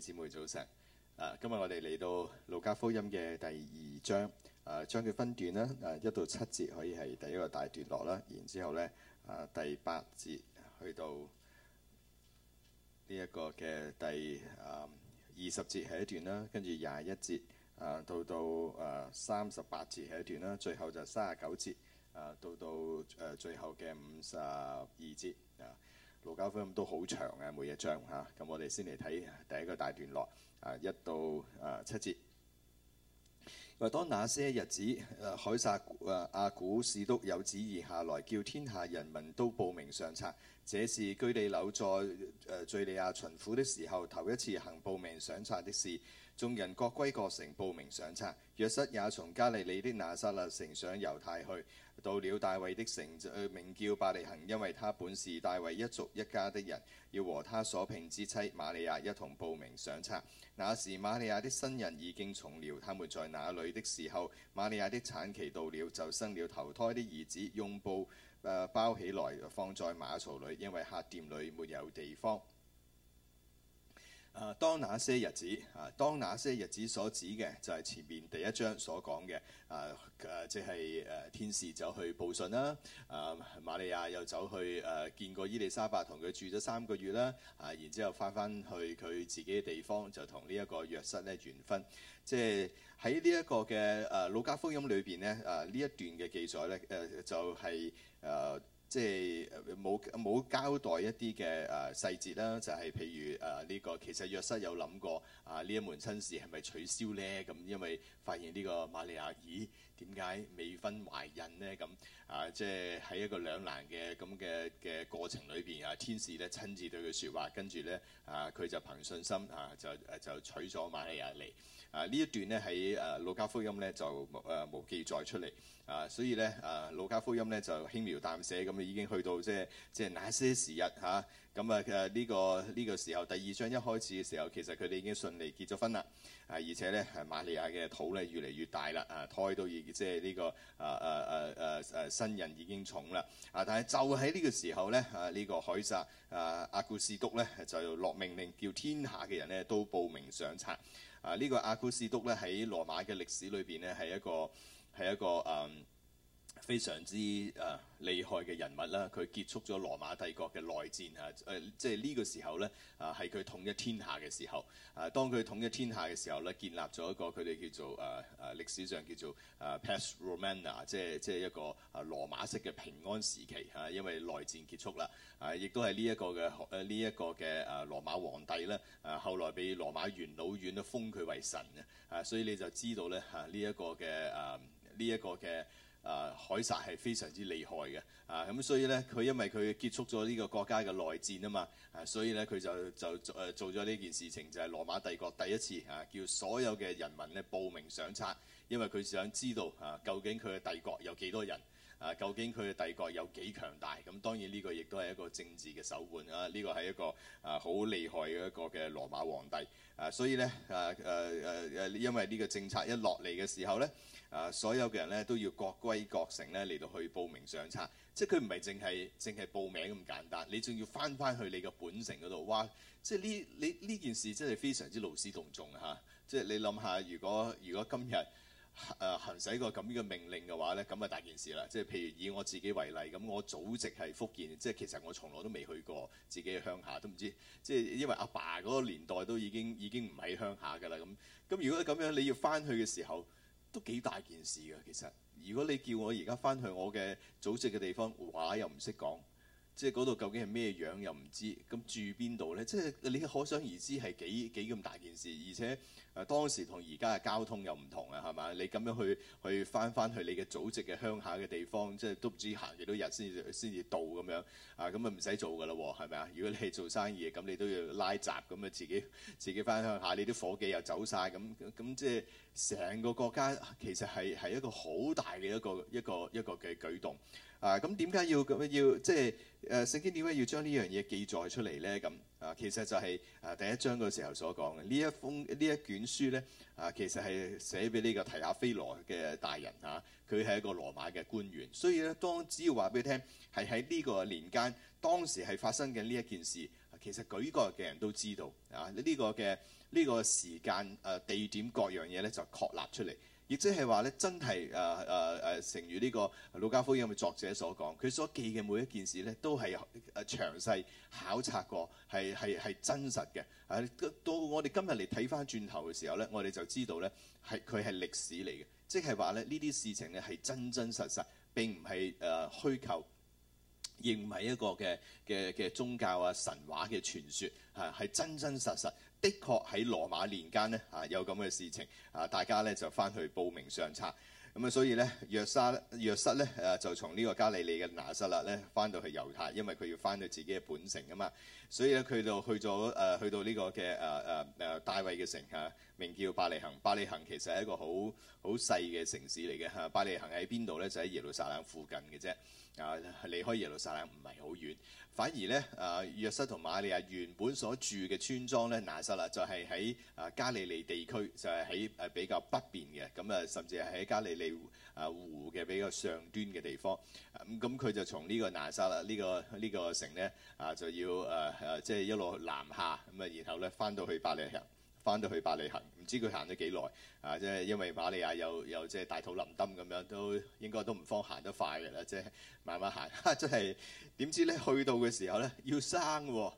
姊妹早晨，啊，今日我哋嚟到《路加福音》嘅第二章，啊，將佢分段啦，啊，一到七節可以係第一個大段落啦，然之後咧，啊，第八節去到呢一個嘅第、啊、二十節係一段啦，跟住廿一節啊到到啊三十八節係一段啦，最後就三十九節啊到到誒、啊、最後嘅五十二節啊。路加福音都好長嘅每一章嚇，咁、啊、我哋先嚟睇第一個大段落，啊，一到啊七節。話當那些日子，啊、海撒啊阿古士督有旨意下來，叫天下人民都報名上冊。這是居利留在誒、啊、敘利亞巡撫的時候，頭一次行報名上冊的事。眾人各歸各城報名上冊，約瑟也從加利利的拿撒勒城上猶太去。到了大衛的城、呃，名叫伯利恆，因為他本是大衛一族一家的人，要和他所聘之妻瑪利亞一同報名上冊。那時瑪利亞的身孕已經重了，他們，在那裏的時候，瑪利亞的產期到了，就生了頭胎的兒子，用布、呃、包起來放在馬槽裏，因為客店裏沒有地方。啊！當那些日子啊，當那些日子所指嘅就係、是、前面第一章所講嘅啊，啊，即係誒、啊、天使走去報信啦，啊瑪利亞又走去誒、啊、見過伊利莎白同佢住咗三個月啦，啊然之後返翻去佢自己嘅地方，就同呢一個約瑟咧結婚。即係喺呢一個嘅誒路加福音裏邊呢，啊，啊呢啊一段嘅記載咧，誒、啊、就係、是、誒。啊即係冇冇交代一啲嘅誒細節啦，就係、是、譬如誒呢、啊這個其實約瑟有諗過啊呢一門親事係咪取消呢？咁、嗯、因為發現呢個瑪利亞咦點解未婚懷孕呢？咁啊即係喺一個兩難嘅咁嘅嘅過程裏邊啊，天使咧親自對佢説話，跟住呢啊佢就憑信心啊就誒就娶咗瑪利亞嚟啊呢一段呢，喺誒路加福音呢就誒冇、啊、記載出嚟。啊，所以咧，啊《路加福音》呢咧就輕描淡寫咁已經去到即係即係那些時日嚇。咁啊誒呢、啊啊這個呢、這個時候，第二章一開始嘅時候，其實佢哋已經順利結咗婚啦。啊，而且咧係瑪利亞嘅肚咧越嚟越大啦。啊，胎都已即係呢、這個啊啊啊啊啊新人已經重啦。啊，但係就喺呢個時候咧，啊呢、這個凱撒啊阿古斯督咧就落命令叫天下嘅人咧都報名上冊。啊，呢、這個阿古斯督咧喺羅馬嘅歷史裏邊呢係一個。係一個誒非常之誒厲害嘅人物啦，佢結束咗羅馬帝國嘅內戰啊！誒，即係呢個時候咧，係佢統一天下嘅時候。誒，當佢統一天下嘅時候呢，建立咗一個佢哋叫做誒誒歷史上叫做誒 Pax Romana、um、即係即係一個誒羅馬式嘅平安時期啊！因為內戰結束啦，啊，亦都係呢一個嘅誒呢一個嘅誒羅馬皇帝呢。誒後來被羅馬元老院咧封佢為神啊！所以你就知道咧嚇呢一個嘅誒。呢一個嘅啊、呃、凱撒係非常之厲害嘅啊。咁所以呢，佢因為佢結束咗呢個國家嘅內戰啊嘛，啊所以呢，佢就就誒做咗呢件事情就係、是、羅馬帝國第一次啊叫所有嘅人民呢報名上冊，因為佢想知道啊究竟佢嘅帝國有幾多人。啊，究竟佢嘅帝國有幾強大？咁、啊、當然呢個亦都係一個政治嘅手腕啊！呢個係一個啊好厲害嘅一個嘅羅馬皇帝啊！所以呢，啊誒誒誒，因為呢個政策一落嚟嘅時候呢，啊，所有嘅人呢都要各歸各城呢嚟到去報名上冊，即係佢唔係淨係淨係報名咁簡單，你仲要翻翻去你嘅本城嗰度哇！即係呢你呢件事真係非常之勞師動眾嚇，即係你諗下，如果如果今日。誒行使個咁嘅命令嘅話呢咁咪大件事啦。即係譬如以我自己為例，咁我祖籍係福建，即係其實我從來都未去過自己嘅鄉下，都唔知。即係因為阿爸嗰個年代都已經已經唔喺鄉下噶啦。咁咁如果咁樣你要翻去嘅時候，都幾大件事噶。其實如果你叫我而家翻去我嘅祖籍嘅地方，話又唔識講，即係嗰度究竟係咩樣又唔知，咁住邊度呢？即係你可想而知係幾幾咁大件事，而且。誒當時同而家嘅交通又唔同啊，係嘛？你咁樣去去翻翻去你嘅祖籍嘅鄉下嘅地方，即係都唔知行幾多日先至先至到咁樣啊。咁啊唔使做㗎啦喎，係咪啊？如果你係做生意嘅，咁你都要拉閘咁啊，自己自己翻鄉下，你啲伙計又走晒咁咁即係。成個國家其實係係一個好大嘅一個一個一個嘅舉動啊！咁點解要咁要即係誒聖經點解要將呢樣嘢記載出嚟呢？咁啊，其實就係啊第一章嘅時候所講嘅呢一封呢一卷書呢，啊，其實係寫俾呢個提亞非羅嘅大人嚇，佢、啊、係一個羅馬嘅官員，所以呢，當只要話俾你聽，係喺呢個年間當時係發生緊呢一件事、啊，其實舉國嘅人都知道啊呢、這個嘅。呢個時間、誒地點各樣嘢咧，就確立出嚟，亦即係話咧，真係誒誒誒，成如呢個路加福音嘅作者所講，佢所記嘅每一件事咧，都係誒詳細考察過，係係係真實嘅。誒、啊、到我哋今日嚟睇翻轉頭嘅時候咧，我哋就知道咧係佢係歷史嚟嘅，即係話咧呢啲事情咧係真真實實，並唔係誒虛構，亦唔係一個嘅嘅嘅宗教啊神話嘅傳説，係、啊、係真真實實。的確喺羅馬年間呢，啊有咁嘅事情啊，大家呢就翻去報名上冊咁啊，所以呢，約瑟約瑟呢，誒、啊、就從呢個加利利嘅拿撒勒呢翻到去猶太，因為佢要翻到自己嘅本城啊嘛，所以呢，佢就去咗誒去到呢、啊、個嘅誒誒誒大衛嘅城啊，名叫伯利恆。伯利恆其實係一個好好細嘅城市嚟嘅嚇。伯利恆喺邊度呢？就喺耶路撒冷附近嘅啫啊，離開耶路撒冷唔係好遠。反而咧，啊，約瑟同瑪利亞原本所住嘅村莊咧，拿沙勒就係喺啊加利利地區，就係喺誒比較北邊嘅，咁啊甚至係喺加利利湖啊湖嘅比較上端嘅地方。咁咁佢就從呢個拿沙勒呢個呢、呢個城咧啊，就要誒誒即係一路南下，咁啊然後咧翻到去伯利翻到去百里行，唔知佢行咗幾耐啊！即係因為瑪利亞又又即係大肚臨登咁樣，都應該都唔方行得快嘅啦，即係慢慢行。即係點知咧去到嘅時候咧要生喎啊。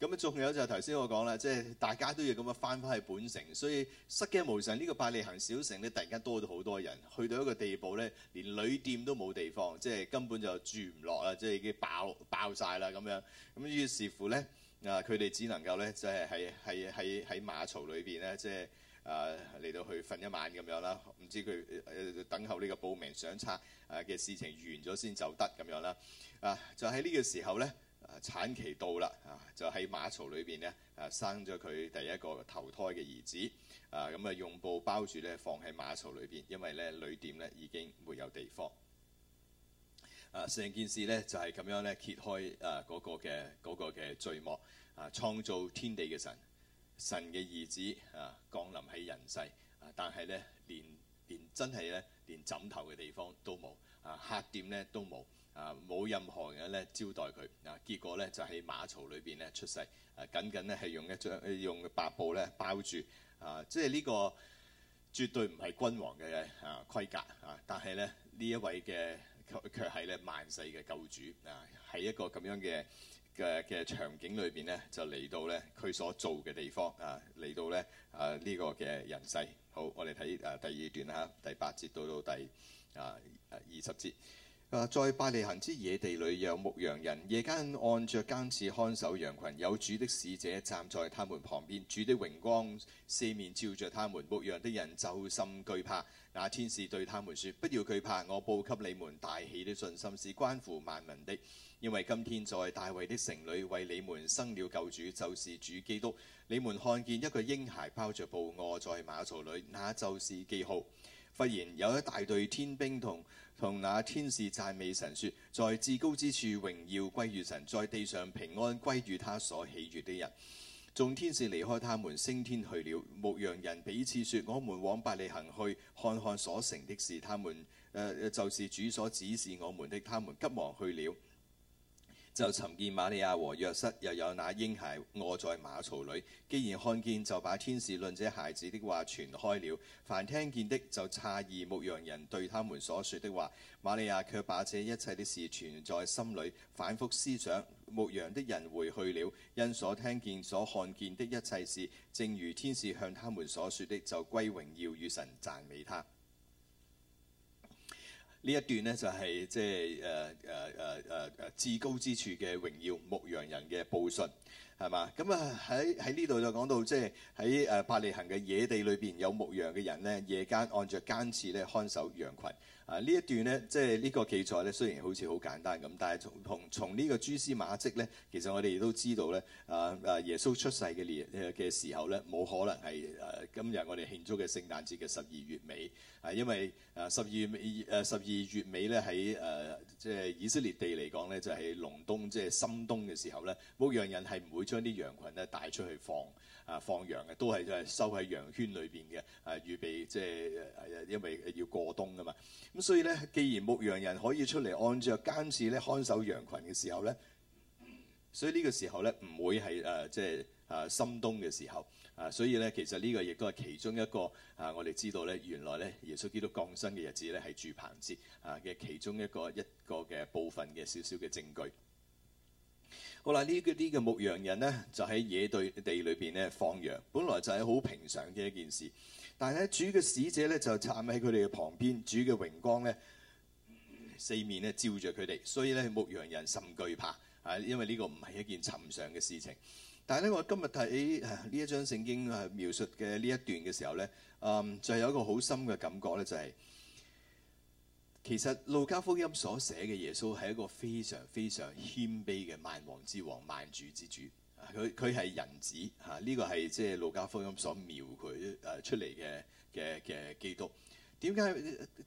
咁樣仲有就頭先我講啦，即係大家都要咁樣翻返去本城，所以失驚無神，呢個百里行小城咧，突然間多咗好多人，去到一個地步咧，連旅店都冇地方，即係根本就住唔落啦，即係已經爆爆曬啦咁樣。咁於是乎咧，啊！佢哋只能夠咧，即係係係喺喺馬槽裏邊咧，即係啊嚟到去瞓一晚咁樣啦。唔知佢等候呢個報名上冊啊嘅事情完咗先就得咁樣啦。啊，就喺呢個時候咧、啊，產期到啦，啊就喺馬槽裏邊咧，啊生咗佢第一個投胎嘅兒子，啊咁啊用布包住咧，放喺馬槽裏邊，因為咧旅店咧已經沒有地方。啊，成件事呢，就係咁樣咧揭開啊嗰個嘅嗰個嘅序幕啊，創造天地嘅神，神嘅兒子啊，降臨喺人世啊，但係呢，連連真係呢，連枕頭嘅地方都冇啊，客店呢都冇啊，冇任何人呢招待佢啊，結果呢，就喺馬槽裏邊呢出世啊，僅僅呢係用一張用白布呢包住啊，即係呢個絕對唔係君王嘅啊規格啊，但係呢，呢一位嘅。佢係咧萬世嘅救主啊！喺一個咁樣嘅嘅嘅場景裏邊咧，就嚟到咧佢所做嘅地方啊，嚟到咧啊呢、這個嘅人世。好，我哋睇誒第二段啦，第八節到到第啊，啊二十節。在伯利恆之野地裏有牧羊人，夜間按着監視看守羊群。有主的使者站在他們旁邊，主的榮光四面照着他們。牧羊的人就甚懼怕。那天使對他們說：不要懼怕，我報給你們大喜的信心是關乎萬民的。因為今天在大衛的城裏為你們生了救主，就是主基督。你們看見一個嬰孩包着布臥在馬槽裏，那就是記號。忽然有一大隊天兵同。同那天使讚美神説：在至高之處榮耀歸於神，在地上平安歸於他所喜悅的人。眾天使離開他們，升天去了。牧羊人彼此説：我們往伯利恆去，看看所成的事。他們誒、呃、就是主所指示我們的。他們急忙去了。就尋見瑪利亞和約瑟，又有那嬰孩卧在馬槽裏。既然看見，就把天使論這孩子的話傳開了。凡聽見的，就詫異牧羊人對他們所說的話。瑪利亞卻把這一切的事存在心裡，反覆思想。牧羊的人回去了，因所聽見、所看見的一切事，正如天使向他們所說的，就歸榮耀與神，讚美他。呢一段咧就係即係誒誒誒誒誒至高之處嘅榮耀，牧羊人嘅報信。係嘛？咁、嗯、啊喺喺呢度就講到即係喺誒伯利恒嘅野地裏邊有牧羊嘅人呢，夜間按着更次咧看守羊群。啊呢一段呢，即係呢個記載呢，雖然好似好簡單咁，但係從從從呢個蛛絲馬跡呢，其實我哋都知道呢，啊啊耶穌出世嘅年嘅時候呢，冇可能係誒、啊、今日我哋慶祝嘅聖誕節嘅十二月尾。啊，因為誒十二月誒十二月尾呢，喺誒、啊、即係以色列地嚟講呢，就係隆冬即係深冬嘅時候呢，牧羊人係唔會。將啲羊群咧帶出去放啊放羊嘅，都係即係收喺羊圈裏邊嘅，誒預備即係誒因為要過冬噶嘛。咁所以咧，既然牧羊人可以出嚟按著監視咧看守羊群嘅時候咧，所以呢個時候咧唔會係誒即係誒深冬嘅時候啊。所以咧，其實呢個亦都係其中一個啊，我哋知道咧，原來咧耶穌基督降生嘅日子咧係住棚節啊嘅其中一個一個嘅部分嘅少少嘅證據。好啦，呢啲嘅牧羊人呢，就喺野對地裏邊呢放羊，本來就係好平常嘅一件事。但係咧，主嘅使者呢，就站喺佢哋嘅旁邊，主嘅榮光呢，四面呢照著佢哋，所以呢，牧羊人甚懼怕啊，因為呢個唔係一件尋常嘅事情。但係呢，我今日睇呢一章聖經描述嘅呢一段嘅時候呢，嗯，就係有一個好深嘅感覺呢，就係、是。其實路加福音所寫嘅耶穌係一個非常非常謙卑嘅萬王之王、萬主之主。佢佢係人子，嚇、啊、呢、這個係即係路加福音所描繪誒出嚟嘅嘅嘅基督。點解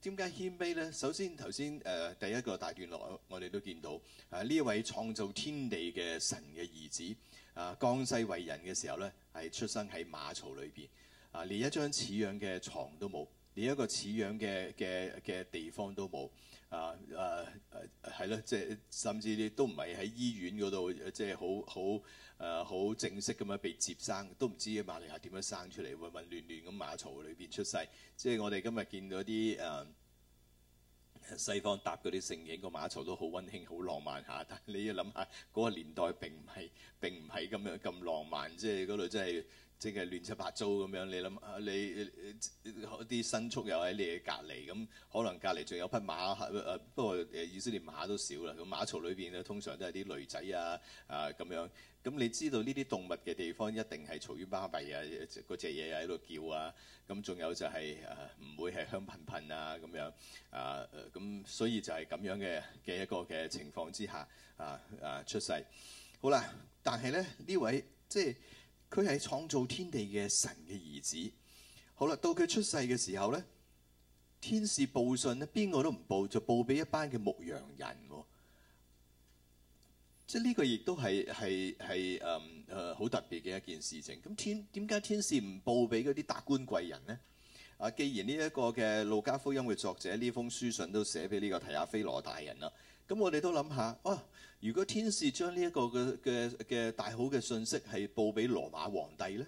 點解謙卑咧？首先頭先誒第一個大段落，我哋都見到啊呢一位創造天地嘅神嘅兒子啊，降世為人嘅時候咧，係出生喺馬槽裏邊啊，連一張似樣嘅床都冇。連一個似樣嘅嘅嘅地方都冇啊！誒誒係咯，即係甚至你都唔係喺醫院嗰度，即係好好誒好正式咁樣被接生，都唔知馬利亞點樣生出嚟，混混亂亂咁馬槽裏邊出世。即係我哋今日見到啲誒、啊、西方搭嗰啲聖景，個馬槽都好溫馨、好浪漫下。但係你要諗下，嗰個年代並唔係並唔係咁樣咁浪漫，即係嗰度真係。即係亂七八糟咁樣，你諗你啲牲畜又喺你嘅隔離，咁可能隔離仲有匹馬、啊、不過誒，以色列馬都少啦。咁馬槽裏邊咧，通常都係啲驢仔啊啊咁樣。咁你知道呢啲動物嘅地方，一定係嘈於巴閉啊！嗰隻嘢喺度叫啊！咁仲有就係誒唔會係香噴噴啊咁樣啊。咁、啊啊、所以就係咁樣嘅嘅一個嘅情況之下啊啊出世。好啦，但係咧呢位即係。佢係創造天地嘅神嘅兒子。好啦，到佢出世嘅時候咧，天使報信咧，邊個都唔報，就報俾一班嘅牧羊人、哦、即係呢個亦都係係係誒誒好特別嘅一件事情。咁天點解天使唔報俾嗰啲達官貴人呢？啊，既然呢一個嘅路加福音嘅作者呢封書信都寫俾呢、呢個提亞非羅大人啦。咁我哋都諗下，哇、啊！如果天使將呢一個嘅嘅嘅大好嘅信息係報俾羅馬皇帝咧，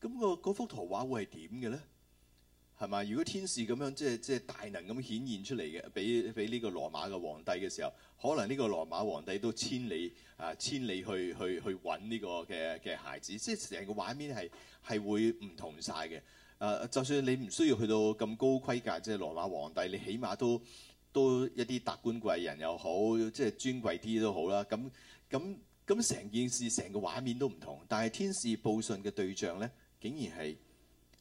咁、嗰幅、嗰個、圖、圖畫會係點嘅咧？係嘛？如果天使咁樣即係即係大能咁顯現出嚟嘅，俾俾呢個羅馬嘅皇帝嘅時候，可能呢個羅馬皇帝都千里啊，千里去去去揾呢個嘅嘅孩子，即係成個畫面係係會唔同晒嘅。誒、啊，就算你唔需要去到咁高規格，即係羅馬皇帝，你起碼都都一啲達官貴人又好，即係尊貴啲都好啦。咁咁咁成件事成個畫面都唔同，但係天使報信嘅對象呢，竟然係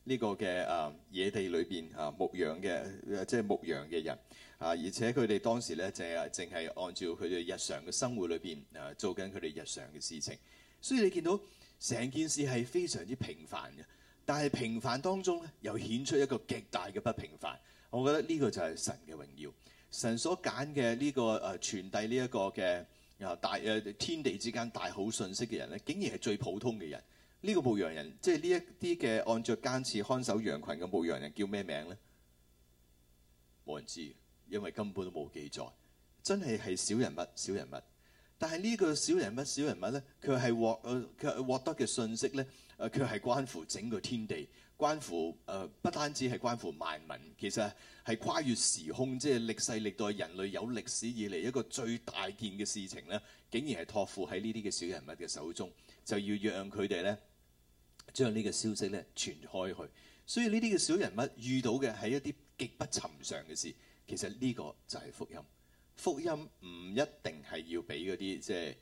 呢個嘅啊野地裏邊啊牧羊嘅，即係牧羊嘅人啊。而且佢哋當時呢，淨係淨係按照佢哋日常嘅生活裏邊啊做緊佢哋日常嘅事情。所以你見到成件事係非常之平凡嘅，但係平凡當中咧又顯出一個極大嘅不平凡。我覺得呢個就係神嘅榮耀。神所揀嘅呢個誒、呃、傳遞呢一個嘅啊、呃、大誒、呃、天地之間大好信息嘅人咧，竟然係最普通嘅人。呢、這個牧羊人，即係呢一啲嘅按着更次看守羊群嘅牧羊人，叫咩名咧？冇人知，因為根本都冇記載。真係係小人物，小人物。但係呢個小人物，小人物咧，佢係獲佢、呃、獲得嘅信息咧，佢、呃、係關乎整個天地。關乎誒、呃，不單止係關乎萬民，其實係跨越時空，即係歷世歷代人類有歷史以嚟一個最大件嘅事情咧，竟然係託付喺呢啲嘅小人物嘅手中，就要讓佢哋咧將呢個消息咧傳開去。所以呢啲嘅小人物遇到嘅係一啲極不尋常嘅事，其實呢個就係福音。福音唔一定係要俾嗰啲即係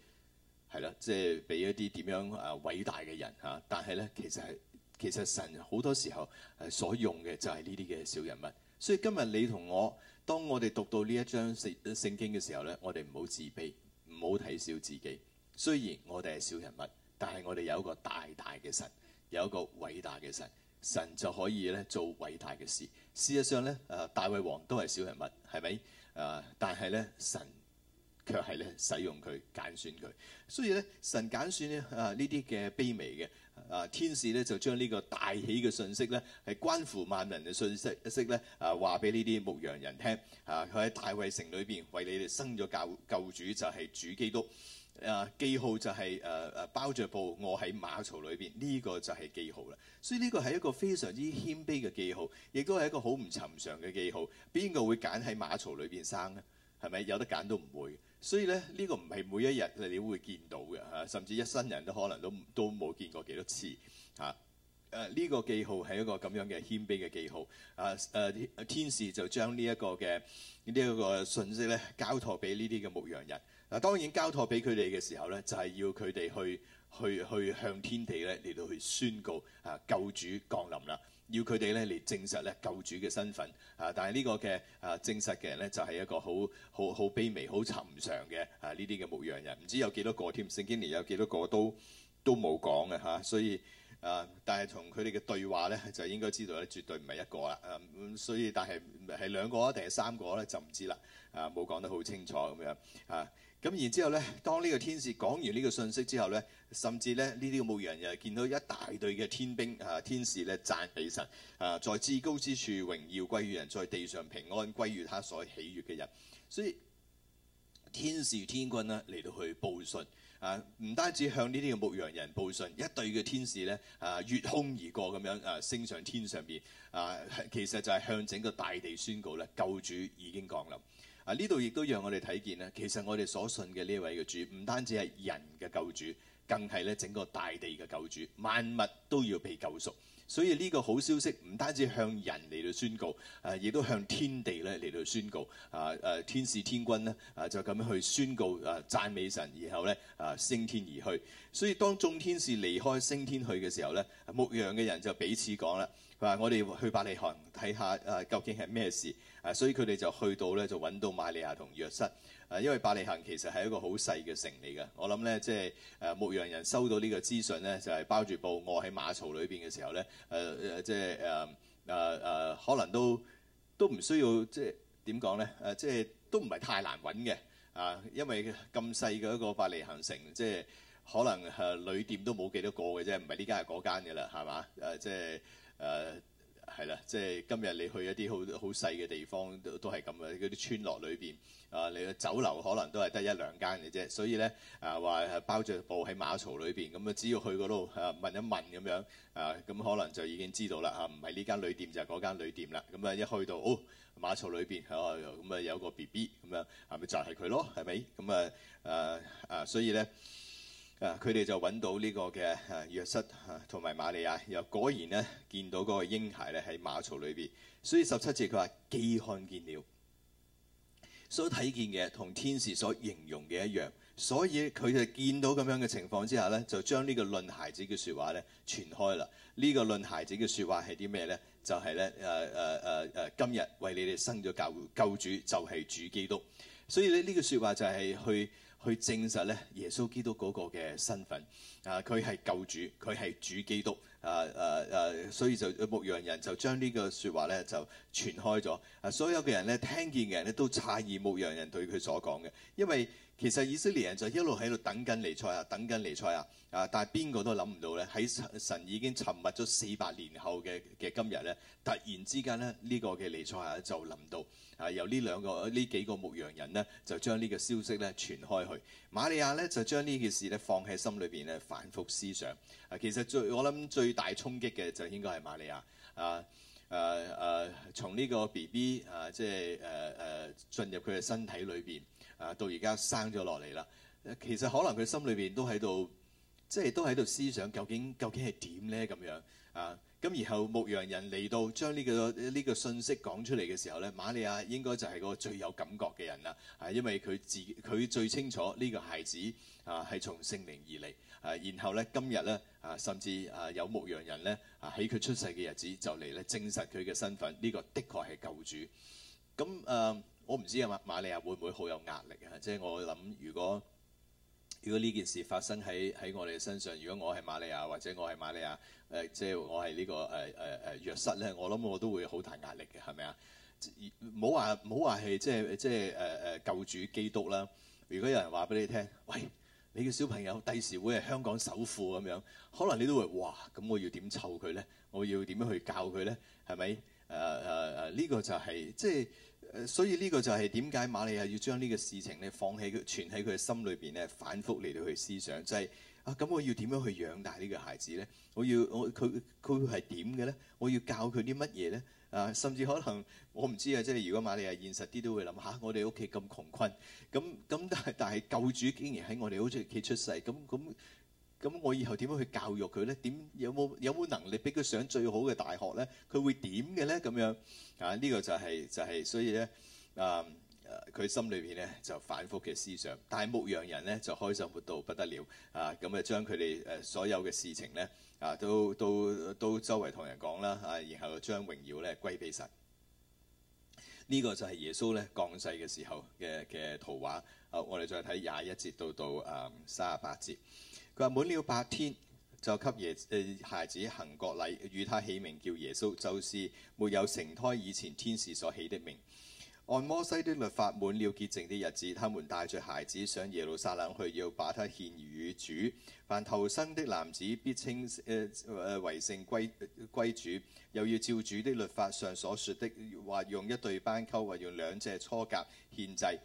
係啦，即係俾一啲點樣啊偉大嘅人嚇，但係咧其實係。其實神好多時候係所用嘅就係呢啲嘅小人物，所以今日你同我，當我哋讀到呢一章聖聖經嘅時候咧，我哋唔好自卑，唔好睇小自己。雖然我哋係小人物，但係我哋有一個大大嘅神，有一個偉大嘅神，神就可以咧做偉大嘅事。事實上咧，誒大衛王都係小人物，係咪？誒，但係咧，神卻係咧使用佢揀選佢。所以咧，神揀選誒呢啲嘅卑微嘅。啊！天使咧就將呢個大喜嘅信息咧，係關乎萬人嘅信息息咧，啊話俾呢啲牧羊人聽。啊，佢喺大衛城裏邊為你哋生咗救救主，就係主基督。啊，記號就係誒誒包着布臥喺馬槽裏邊，呢、這個就係記號啦。所以呢個係一個非常之謙卑嘅記號，亦都係一個好唔尋常嘅記號。邊個會揀喺馬槽裏邊生咧？係咪有得揀都唔會？所以咧，呢、這個唔係每一日你會見到嘅嚇，甚至一生人都可能都都冇見過幾多次嚇。誒、啊、呢、這個記號係一個咁樣嘅謙卑嘅記號。啊誒天使就將呢一個嘅呢一個信息咧，交託俾呢啲嘅牧羊人。嗱、啊、當然交託俾佢哋嘅時候咧，就係、是、要佢哋去去去向天地咧嚟到去宣告啊救主降臨啦。要佢哋咧嚟證實咧救主嘅身份啊！但係呢個嘅啊證實嘅人咧就係一個好好好卑微、好尋常嘅啊呢啲嘅牧羊人，唔知有幾多個添？聖經裏有幾多個都都冇講嘅嚇，所以啊，但係同佢哋嘅對話咧就應該知道咧，絕對唔係一個啦。嗯、啊，所以但係係兩個啊，定係三個咧就唔知啦。啊，冇講得好清楚咁樣啊。咁然之後呢，當呢個天使講完呢個信息之後呢，甚至咧呢啲牧羊人又見到一大隊嘅天兵啊，天使呢，讚美神。啊，在至高之處榮耀歸於人，在地上平安歸於他所喜悅嘅人。所以天使天君呢嚟到去報信啊，唔單止向呢啲嘅牧羊人報信，一隊嘅天使呢啊越空而過咁樣啊升上天上邊啊，其實就係向整個大地宣告咧，救主已經降臨。啊！呢度亦都讓我哋睇見咧，其實我哋所信嘅呢位嘅主，唔單止係人嘅救主，更係咧整個大地嘅救主，萬物都要被救贖。所以呢個好消息唔單止向人嚟到宣告，誒，亦都向天地咧嚟到宣告。啊！誒、啊啊，天使天軍呢，啊，就咁樣去宣告誒，讚美神，然後咧啊升天而去。所以當眾天使離開升天去嘅時候咧、啊，牧羊嘅人就彼此講啦。佢話：我哋去伯利恒睇下誒，究竟係咩事誒、啊？所以佢哋就去到咧，就揾到瑪利亞同約瑟。誒、啊。因為伯利恒其實係一個好細嘅城嚟嘅。我諗咧，即係誒牧羊人收到呢個資訊咧，就係、是、包住布卧喺馬槽裏邊嘅時候咧，誒、啊、誒，即係誒誒誒，可能都都唔需要即係點講咧誒，即係、啊、都唔係太難揾嘅啊。因為咁細嘅一個伯利恒城，即係可能誒、啊、旅店都冇幾多個嘅啫，唔係呢間係嗰間嘅啦，係嘛誒？即係。誒係啦，即係今日你去一啲好好細嘅地方，都都係咁嘅。嗰啲村落裏邊，啊，你嘅酒樓可能都係得一兩間嘅啫。所以咧，啊，話包著布喺馬槽裏邊，咁、嗯、啊，只要去嗰度、啊、問一問咁樣，啊，咁、嗯、可能就已經知道啦嚇，唔係呢間旅店就係嗰間旅店啦。咁、嗯、啊，一去到，哦，馬槽裏邊，哦、啊，咁、嗯、啊、嗯、有個 BB 咁、嗯、樣，係咪就係、是、佢咯？係咪？咁、嗯、啊，誒、啊、誒、啊，所以咧。誒，佢哋、啊、就揾到呢個嘅約瑟，嚇同埋瑪利亞，又果然呢見到嗰個嬰孩咧喺馬槽裏邊。所以十七節佢話：既看見了，所睇見嘅同天使所形容嘅一樣。所以佢就見到咁樣嘅情況之下呢就將呢個論孩子嘅説話咧傳開啦。呢、這個論孩子嘅説話係啲咩呢？就係咧誒誒誒誒，今日為你哋生咗救救，救主，就係、是、主基督。所以呢，呢個説話就係去。去證實咧耶穌基督嗰個嘅身份啊，佢係救主，佢係主基督啊啊啊！所以就牧羊人就將呢個說話咧就傳開咗啊，所有嘅人咧聽見嘅人咧都詫異牧羊人對佢所講嘅，因為。其實以色列人就一路喺度等緊彌賽亞，等緊彌賽亞！啊，但係邊個都諗唔到咧，喺神已經沉默咗四百年後嘅嘅今日咧，突然之間咧呢、這個嘅彌賽亞就臨到啊，由呢兩個呢幾個牧羊人呢，就將呢個消息咧傳開去。瑪利亞咧就將呢件事咧放喺心裏邊咧，反覆思想啊。其實最我諗最大衝擊嘅就應該係瑪利亞啊啊啊！從、啊、呢、啊、個 B B 啊，即係誒誒進入佢嘅身體裏邊。啊，到而家生咗落嚟啦。其實可能佢心裏邊都喺度，即係都喺度思想究，究竟究竟係點呢？咁樣啊？咁然後牧羊人嚟到將呢個呢個信息講出嚟嘅時候咧，瑪利亞應該就係個最有感覺嘅人啦。啊，因為佢自佢最清楚呢個孩子啊係從聖靈而嚟。啊，然後咧今日咧啊，甚至啊有牧羊人咧啊喺佢出世嘅日子就嚟咧證實佢嘅身份，呢個的確係救主。咁、啊、誒。啊我唔知阿瑪瑪利亞會唔會好有壓力啊！即係我諗，如果如果呢件事發生喺喺我哋身上，如果我係瑪利亞或者我係瑪利亞，誒、呃、即係我係、呢個呃呃、呢個誒誒誒約瑟咧，我諗我都會好大壓力嘅，係咪啊？好話冇話係即係即係誒誒救主基督啦！如果有人話俾你聽，喂，你嘅小朋友第時會係香港首富咁樣，可能你都會嘩！咁我要點湊佢咧？我要點樣去教佢咧？係咪？誒誒誒呢個就係、係、即係。即所以呢個就係點解瑪利亞要將呢個事情咧放喺佢存喺佢嘅心裏邊咧，反覆嚟到去思想，就係啊，咁我要點樣去養大呢個孩子咧？我要我佢佢係點嘅咧？我要教佢啲乜嘢咧？啊，甚至可能我唔知啊，即係如果瑪利亞現實啲都會諗下：啊「我哋屋企咁窮困，咁咁但係但係救主竟然喺我哋屋企出世，咁咁。咁我以後點樣去教育佢呢？點有冇有冇能力俾佢上最好嘅大學呢？佢會點嘅呢？咁樣啊？呢個就係就係所以呢，啊，佢、這個就是就是啊啊、心裏邊呢就反覆嘅思想。但係牧羊人呢，就開心活到不得了啊！咁、嗯、啊，將佢哋誒所有嘅事情呢，啊，都都都，都周圍同人講啦啊，然後將榮耀呢歸俾神。呢、這個就係耶穌呢降世嘅時候嘅嘅圖畫、啊。我哋再睇廿一節到到啊三十八節。佢話滿了八天，就給耶誒、呃、孩子行國禮，與他起名叫耶穌，就是沒有成胎以前天使所起的名。按摩西的律法滿了潔淨的日子，他們帶著孩子上耶路撒冷去，要把他獻與主。凡頭生的男子必稱誒誒、呃、為聖歸歸主，又要照主的律法上所說的，或用一對斑鳩或用兩隻雛鴿獻祭。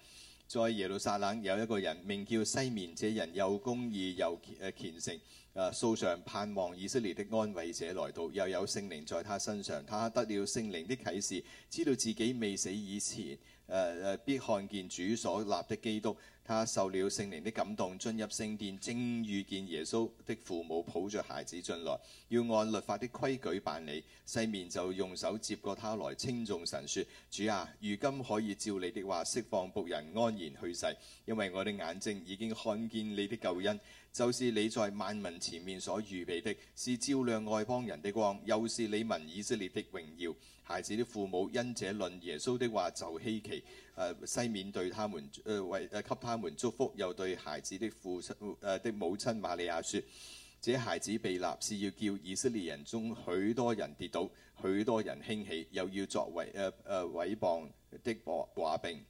在耶路撒冷有一個人名叫西面，這人又公義又虔誠，啊，素常盼望以色列的安慰者來到，又有聖靈在他身上，他得了聖靈的啟示，知道自己未死以前。誒誒、呃，必看見主所立的基督。他受了聖靈的感動，進入聖殿，正遇見耶穌的父母抱著孩子進來。要按律法的規矩辦理，西面就用手接過他來，稱頌神説：主啊，如今可以照你的話釋放僕人安然去世，因為我的眼睛已經看見你的救恩，就是你在萬民前面所預備的，是照亮外邦人的光，又是你民以色列的榮耀。孩子的父母因這論耶穌的話就稀奇，誒、呃、西面對他們，誒、呃、為誒、啊、給他們祝福，又對孩子的父親誒的、呃、母親瑪利亞說，這孩子被立是要叫以色列人中許多人跌倒，許多人興起，又要作為誒誒毀謗的誒話柄，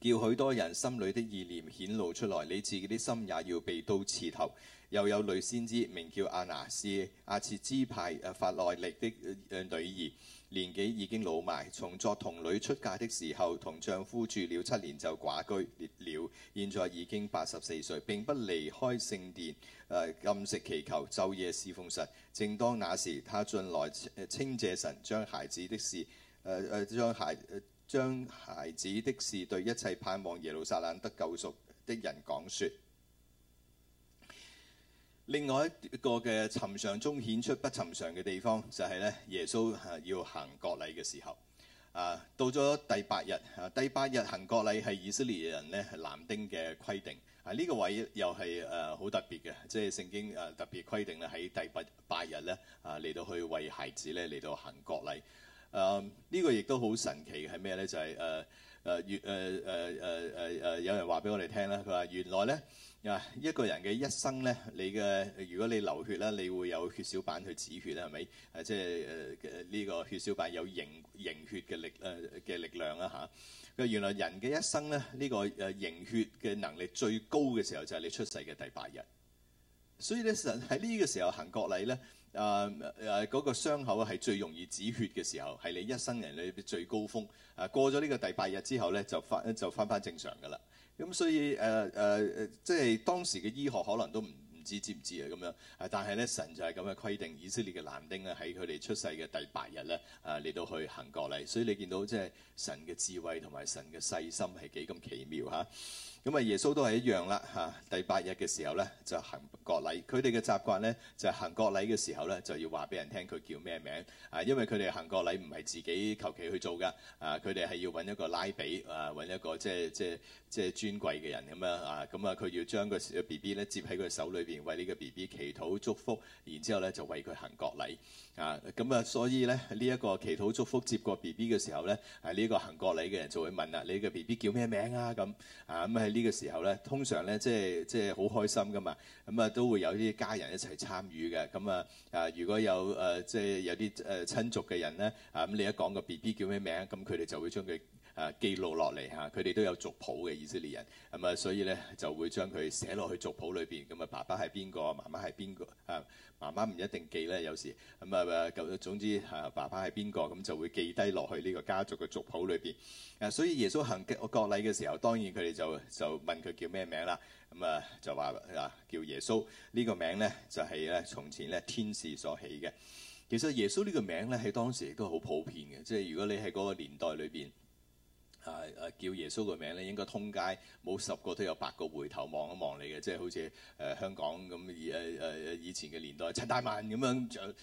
叫許多人心裏的意念顯露出來，你自己的心也要被刀刺透，又有女先知名叫亞拿是亞設支派誒法內力的、呃呃、女兒。年紀已經老邁，從作童女出嫁的時候，同丈夫住了七年就寡居了。現在已經八十四歲，並不離開聖殿，誒、呃，禁食祈求，晝夜侍奉神。正當那時，他進來，誒，稱謝神，將孩子的事，誒、呃、誒，將孩，將孩子的事對一切盼望耶路撒冷得救贖的人講説。另外一個嘅尋常中顯出不尋常嘅地方，就係、是、咧耶穌要行割禮嘅時候，啊，到咗第八日嚇、啊，第八日行割禮係以色列人咧男丁嘅規定啊。呢、這個位又係誒好特別嘅，即係聖經誒、啊、特別規定咧喺第八八日咧啊嚟到去為孩子咧嚟到行割禮啊。呢、這個亦都好神奇係咩呢？就係、是、誒。啊誒越誒誒誒誒誒有人話俾我哋聽啦，佢話原來咧啊一個人嘅一生咧，你嘅如果你流血咧，你會有血小板去止血啦，係咪？誒即係誒嘅呢個血小板有凝凝血嘅力誒嘅力量啦嚇。佢原來人嘅一生咧，呢個誒凝血嘅能力最高嘅時候就係你出世嘅第八日，所以咧實喺呢個時候行割禮咧。誒誒嗰個傷口係最容易止血嘅時候，係你一生人裏邊最高峰。誒、啊、過咗呢個第八日之後咧，就翻就翻翻正常㗎啦。咁所以誒誒誒，即、啊、係、啊啊就是、當時嘅醫學可能都唔唔知知唔知啊咁樣。誒但係咧，神就係咁嘅規定，以色列嘅男丁啊喺佢哋出世嘅第八日咧，誒、啊、嚟到去行割禮。所以你見到即係、就是、神嘅智慧同埋神嘅細心係幾咁奇妙嚇。啊咁啊，耶穌都係一樣啦嚇、啊，第八日嘅時候咧，就行割禮。佢哋嘅習慣咧，就係行割禮嘅時候咧，就要話俾人聽佢叫咩名啊。因為佢哋行割禮唔係自己求其去做噶啊，佢哋係要揾一個拉比啊，揾一個即係即係即係尊貴嘅人咁樣啊。咁啊，佢、啊啊啊啊啊啊、要將個 B B 咧接喺佢手裏邊，為呢個 B B 祈禱祝福，然之後咧就為佢行割禮。啊，咁啊，所以咧呢一、這個祈禱祝福接過 B B 嘅時候咧，係、啊、呢、這個行過禮嘅人就會問啦、啊，你個 B B 叫咩名啊？咁啊，咁喺呢個時候咧，通常咧即係即係好開心噶嘛，咁啊都會有啲家人一齊參與嘅，咁啊啊如果有誒、呃、即係有啲誒親族嘅人咧，啊咁、嗯、你一講個 B B 叫咩名，咁佢哋就會將佢。誒、啊、記錄落嚟嚇，佢、啊、哋都有族譜嘅以色列人咁啊，所以呢就會將佢寫落去族譜裏邊。咁啊，爸爸係邊個，媽媽係邊個啊？媽媽唔、啊、一定記呢。有時咁啊。誒、啊啊，總之、啊、爸爸係邊個，咁、啊、就會記低落去呢個家族嘅族譜裏邊、啊。所以耶穌行嘅割禮嘅時候，當然佢哋就就問佢叫咩名啦。咁啊，就話啊叫耶穌呢、呢個名呢，就係、是、咧從前咧天使所起嘅。其實耶穌呢個名呢，喺當時都好普遍嘅，即係如果你喺嗰個年代裏邊。啊啊！叫耶穌個名咧，應該通街冇十個都有八個回頭望一望你嘅，即係好似誒、呃、香港咁誒誒誒以前嘅年代陳大文咁樣，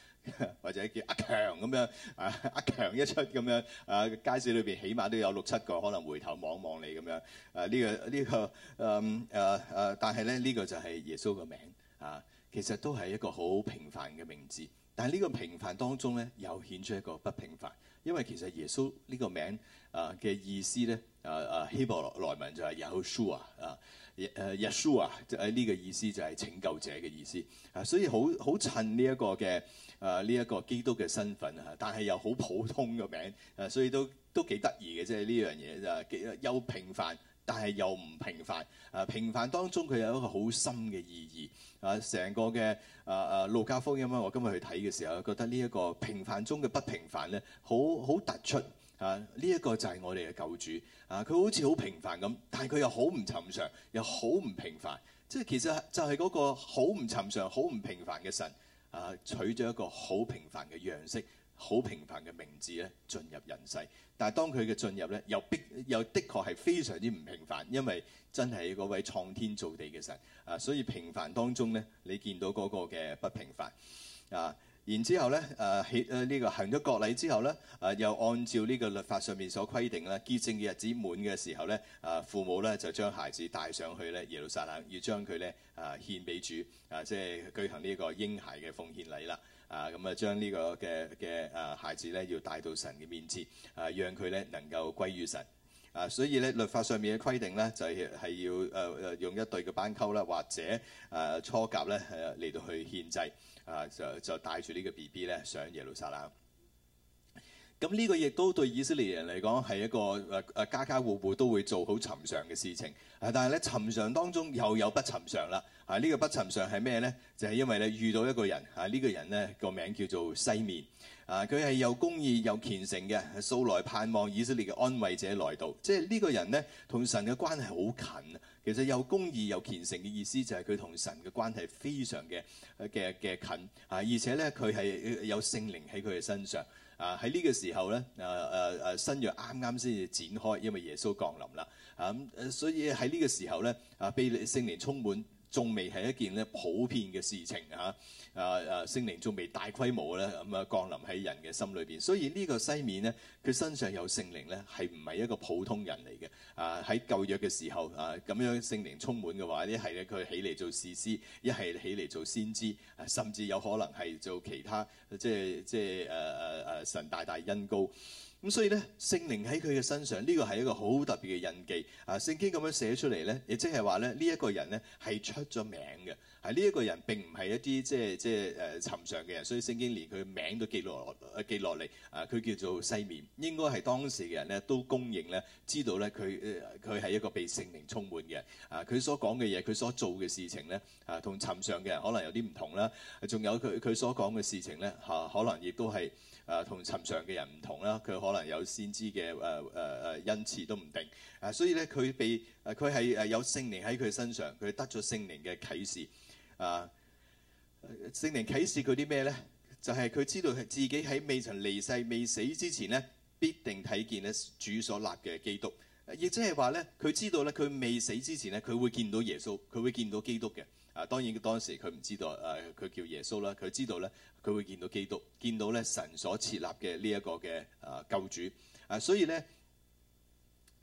或者叫阿強咁樣啊，阿強一出咁樣啊，街市裏邊起碼都有六七個可能回頭望望你咁樣啊，呢、這個呢、這個誒誒誒，但係咧呢、這個就係耶穌個名啊，其實都係一個好平凡嘅名字。但係呢個平凡當中咧，又顯出一個不平凡。因為其實耶穌呢個名啊嘅意思咧，啊啊希伯來文就係耶穌啊，耶誒耶穌啊，即呢個意思就係拯救者嘅意思。所以好好襯呢一個嘅啊呢一個基督嘅身份啊，但係又好普通嘅名啊，所以都都幾得意嘅，即係呢樣嘢就係幾又平凡，但係又唔平凡，啊平凡當中佢有一個好深嘅意義，啊成個嘅啊啊路加福音啦，因為我今日去睇嘅時候，覺得呢一個平凡中嘅不平凡咧，好好突出，啊呢一、這個就係我哋嘅救主，啊佢好似好平凡咁，但係佢又好唔尋常，又好唔平凡，即係其實就係嗰個好唔尋常、好唔平凡嘅神，啊取咗一個好平凡嘅樣式。好平凡嘅名字咧進入人世，但係當佢嘅進入咧，又逼又的確係非常之唔平凡，因為真係嗰位創天造地嘅神啊，所以平凡當中咧，你見到嗰個嘅不平凡啊。然之後咧，誒、啊、起誒呢、啊這個行咗割禮之後咧，誒、啊、又按照呢個律法上面所規定咧，潔淨嘅日子滿嘅時候咧，誒、啊、父母咧就將孩子帶上去咧，耶路撒冷要將佢咧啊獻俾主啊，即係舉行呢個嬰孩嘅奉獻禮啦。啊，咁啊，將呢個嘅嘅啊孩子咧，要帶到神嘅面前，啊，讓佢咧能夠歸於神。啊，所以咧律法上面嘅規定咧，就係、係、係要誒誒、啊、用一對嘅斑鳩啦，或者誒、啊、初鴿咧誒嚟到去獻祭，啊，就就帶住呢個 B B 咧上耶路撒冷。咁呢個亦都對以色列人嚟講係一個誒誒家家戶戶都會做好尋常嘅事情，啊！但係咧尋常當中又有不尋常啦，啊！呢個不尋常係咩呢？就係因為咧遇到一個人，啊！呢個人呢個名叫做西面，啊！佢係有公義有虔誠嘅，素來盼望以色列嘅安慰者來到，即係呢個人呢，同神嘅關係好近。其實有公義有虔誠嘅意思就係佢同神嘅關係非常嘅嘅嘅近，啊！而且呢，佢係有聖靈喺佢嘅身上。啊！喺呢個時候咧，誒誒誒新約啱啱先至展開，因為耶穌降臨啦。啊咁，所以喺呢個時候咧，啊被聖靈充滿。仲未係一件咧普遍嘅事情嚇，啊啊聖靈仲未大規模咧咁啊降臨喺人嘅心裏邊，所以呢個西面咧佢身上有聖靈咧，係唔係一個普通人嚟嘅啊？喺舊約嘅時候啊咁樣聖靈充滿嘅話，一係咧佢起嚟做士師，一係起嚟做先知，啊，甚至有可能係做其他即係即係誒誒誒神大大恩高。咁所以咧，聖靈喺佢嘅身上，呢個係一個好特別嘅印記。啊，聖經咁樣寫出嚟咧，亦即係話咧，呢一個人咧係出咗名嘅。係呢一個人並唔係一啲即係即係誒尋常嘅人，所以聖經連佢名都記落落，誒記落嚟。啊，佢叫做西面，應該係當時嘅人咧都公認咧，知道咧佢佢係一個被聖靈充滿嘅。啊，佢所講嘅嘢，佢所做嘅事情咧，啊，同尋常嘅人可能有啲唔同啦。仲有佢佢所講嘅事情咧，嚇可能亦都係。誒同、啊、尋常嘅人唔同啦，佢、啊、可能有先知嘅誒誒誒恩賜都唔定。誒、啊、所以咧，佢被誒佢係誒有聖靈喺佢身上，佢得咗聖靈嘅啟示。誒、啊啊、聖靈啟示佢啲咩咧？就係、是、佢知道係自己喺未曾離世、未死之前呢，必定睇見咧主所立嘅基督。亦即係話咧，佢知道咧佢未死之前呢，佢會見到耶穌，佢會見到基督嘅。啊，當然當時佢唔知道，誒、啊、佢叫耶穌啦。佢知道咧，佢會見到基督，見到咧神所設立嘅呢一個嘅啊救主啊，所以咧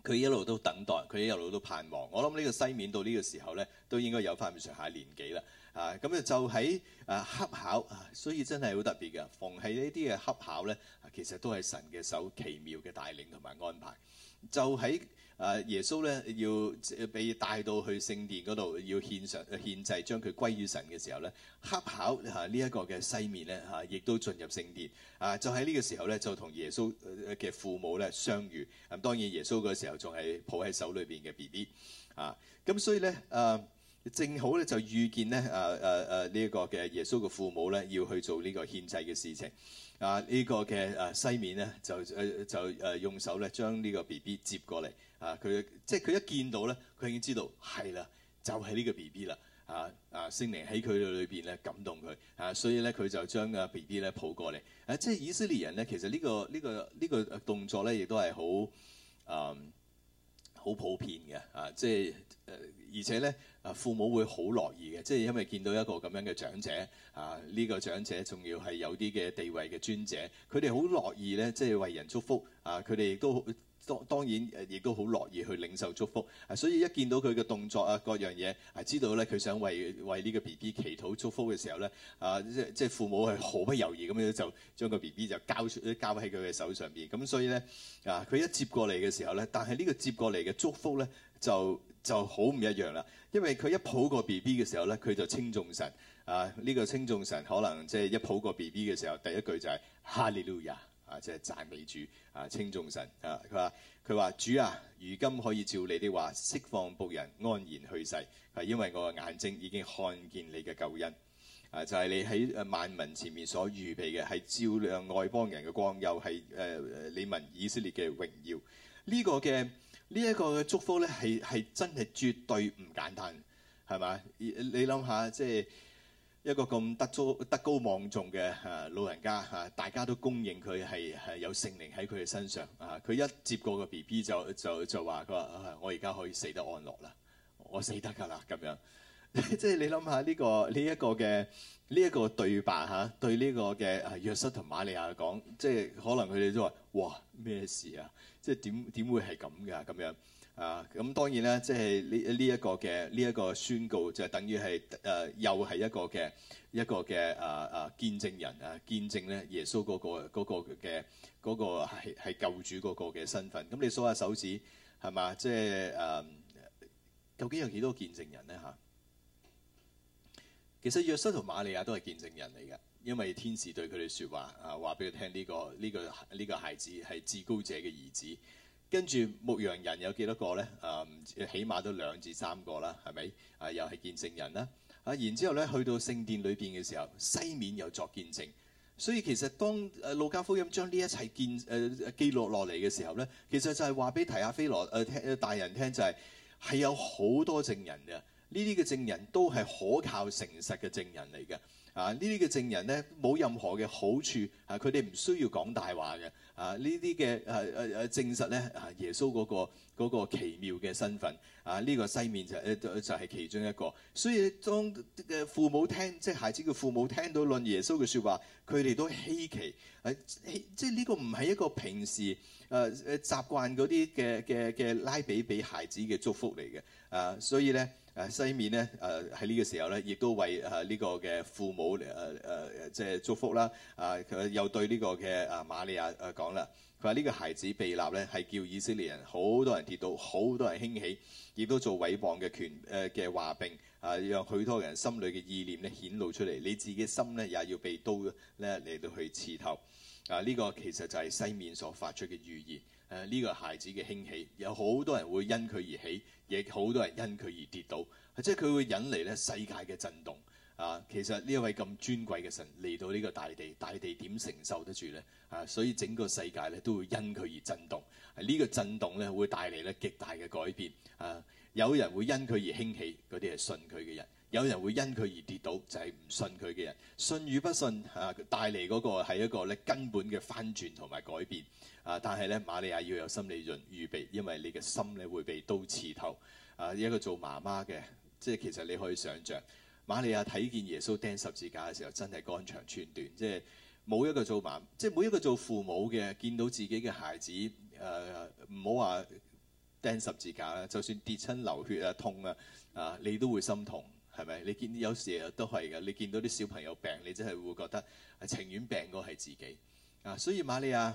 佢一路都等待，佢一路都盼望。我諗呢個西面到呢個時候咧，都應該有返咁上下年紀啦。啊，咁啊就喺啊恰巧啊，所以真係好特別嘅。逢喺呢啲嘅恰巧咧，其實都係神嘅手奇妙嘅帶領同埋安排。就喺啊！耶穌咧要被帶到去聖殿嗰度，要獻上獻祭，將佢歸於神嘅時候咧，恰巧嚇呢一個嘅西面咧嚇，亦都進入聖殿啊！就喺呢個時候咧，就同耶穌嘅父母咧相遇。咁當然耶穌嗰時候仲係抱喺手裏邊嘅 B B 啊！咁所以咧啊，正好咧就遇見咧啊啊啊呢一個嘅耶穌嘅父母咧要去做呢個獻祭嘅事情。啊！呢、這個嘅誒西面咧，就誒就誒用手咧將呢個 B B 接過嚟。啊，佢即係佢一見到咧，佢已經知道係啦，就係、是、呢個 B B 啦。啊啊，聖靈喺佢裏邊咧感動佢。啊，所以咧佢就將個 B B 咧抱過嚟。啊，即係以色列人咧，其實呢、這個呢、這個呢、這個動作咧，亦都係好啊。嗯好普遍嘅啊，即係誒、呃，而且咧啊，父母會好樂意嘅，即係因為見到一個咁樣嘅長者啊，呢、這個長者仲要係有啲嘅地位嘅尊者，佢哋好樂意咧，即係為人祝福啊，佢哋亦都。當當然誒，亦都好樂意去領受祝福啊！所以一見到佢嘅動作啊，各樣嘢，係知道咧佢想為為呢個 B B 祈禱祝，祝福嘅時候咧啊，即即父母係毫不猶豫咁樣就將個 B B 就交出交喺佢嘅手上邊。咁所以咧啊，佢一接過嚟嘅時候咧，但係呢個接過嚟嘅祝福咧就就好唔一樣啦。因為佢一抱過 B B 嘅時候咧，佢就稱頌神啊！呢、呢個稱頌神可能即係一抱過 B B 嘅時候，第一句就係哈利路亞。啊！即、就、係、是、讚美主啊，稱頌神啊！佢話佢話主啊，如今可以照你的話釋放僕人安然去世，係、啊、因為我眼睛已經看見你嘅救恩啊！就係、是、你喺萬民前面所預備嘅，係照亮外邦人嘅光，又係誒、啊、你民以色列嘅榮耀。呢、這個嘅呢一個嘅祝福咧，係係真係絕對唔簡單，係嘛？你諗下，即係。一個咁德高德高望重嘅啊老人家嚇，大家都公認佢係係有聖靈喺佢嘅身上啊！佢一接過個 B B 就就就話佢話我而家可以死得安樂啦，我死得㗎啦咁樣。即 係你諗下呢個呢一個嘅呢一個對白嚇，對呢個嘅啊約瑟同瑪利亞講，即係可能佢哋都話哇咩事啊？即係點點會係咁㗎咁樣？啊，咁當然啦，即係呢呢一個嘅呢一個宣告，就係等於係誒又係一個嘅一個嘅啊啊見證人啊，見證咧、啊、耶穌嗰、嗰個嘅嗰、嗰個係、嗰個嗰個、救主嗰個嘅身份。咁你數下手指係嘛？即係誒、啊，究竟有幾多見證人呢？嚇、啊，其實約瑟同瑪利亞都係見證人嚟嘅，因為天使對佢哋説話啊，話俾佢聽呢、呢個呢、呢個呢、呢個呢個孩子係至高者嘅兒子。跟住牧羊人有幾多個咧？誒、嗯，起碼都兩至三個啦，係咪？啊，又係見證人啦。啊，然之後咧，去到聖殿裏邊嘅時候，西面又作見證。所以其實當《路、呃、加福音》將呢一切見誒、呃、記錄落嚟嘅時候咧，其實就係話俾提亞非羅誒聽大人聽就係、係、係有好多證人嘅。呢啲嘅證人都係可靠誠實嘅證人嚟嘅，啊！呢啲嘅證人咧冇任何嘅好處，啊！佢哋唔需要講大話嘅，啊！呢啲嘅誒誒誒證實咧啊！耶穌嗰個嗰個奇妙嘅身份，啊！呢個西面就誒就係其中一個，所以當嘅父母聽即係孩子嘅父母聽到論耶穌嘅説話，佢哋都稀奇，係、啊、稀、即係呢個唔係一個平時誒誒習慣嗰啲嘅嘅嘅拉比俾孩子嘅祝福嚟嘅，啊！所以咧。誒西面咧，誒喺呢個時候咧，亦都為誒呢、呃這個嘅父母誒誒，即、呃、係、呃、祝福啦。啊、呃，佢又對呢個嘅啊瑪利亞誒講啦，佢話呢個孩子被立咧，係叫以色列人好多人跌倒，好多人興起，亦都做毀謗嘅權誒嘅、呃、話柄，啊、呃、讓許多人心裏嘅意念咧顯露出嚟。你自己心咧也要被刀咧嚟到去刺透。啊、呃，呢、這個其實就係西面所發出嘅預言。誒、呃、呢、這個孩子嘅興起，有好多人會因佢而起。亦好多人因佢而跌倒，即係佢會引嚟咧世界嘅震動啊，其實呢一位咁尊貴嘅神嚟到呢個大地，大地點承受得住咧？啊，所以整個世界咧都會因佢而震動，呢個震動咧會帶嚟咧極大嘅改變啊，有人會因佢而興起，嗰啲係信佢嘅人。有人會因佢而跌倒，就係、是、唔信佢嘅人。信與不信嚇、啊，帶嚟嗰個係一個咧根本嘅翻轉同埋改變。啊！但係咧，瑪利亞要有心理準預備，因為你嘅心理會被刀刺透。啊！一個做媽媽嘅，即係其實你可以想像，瑪利亞睇見耶穌釘十字架嘅時候，真係肝腸寸斷。即係冇一個做媽媽，即係冇一個做父母嘅，見到自己嘅孩子誒，唔好話釘十字架啦，就算跌親流血啊痛啊啊，你都會心痛。係咪？你見有時都係噶，你見到啲小朋友病，你真係會覺得，情願病嘅係自己。啊，所以瑪利亞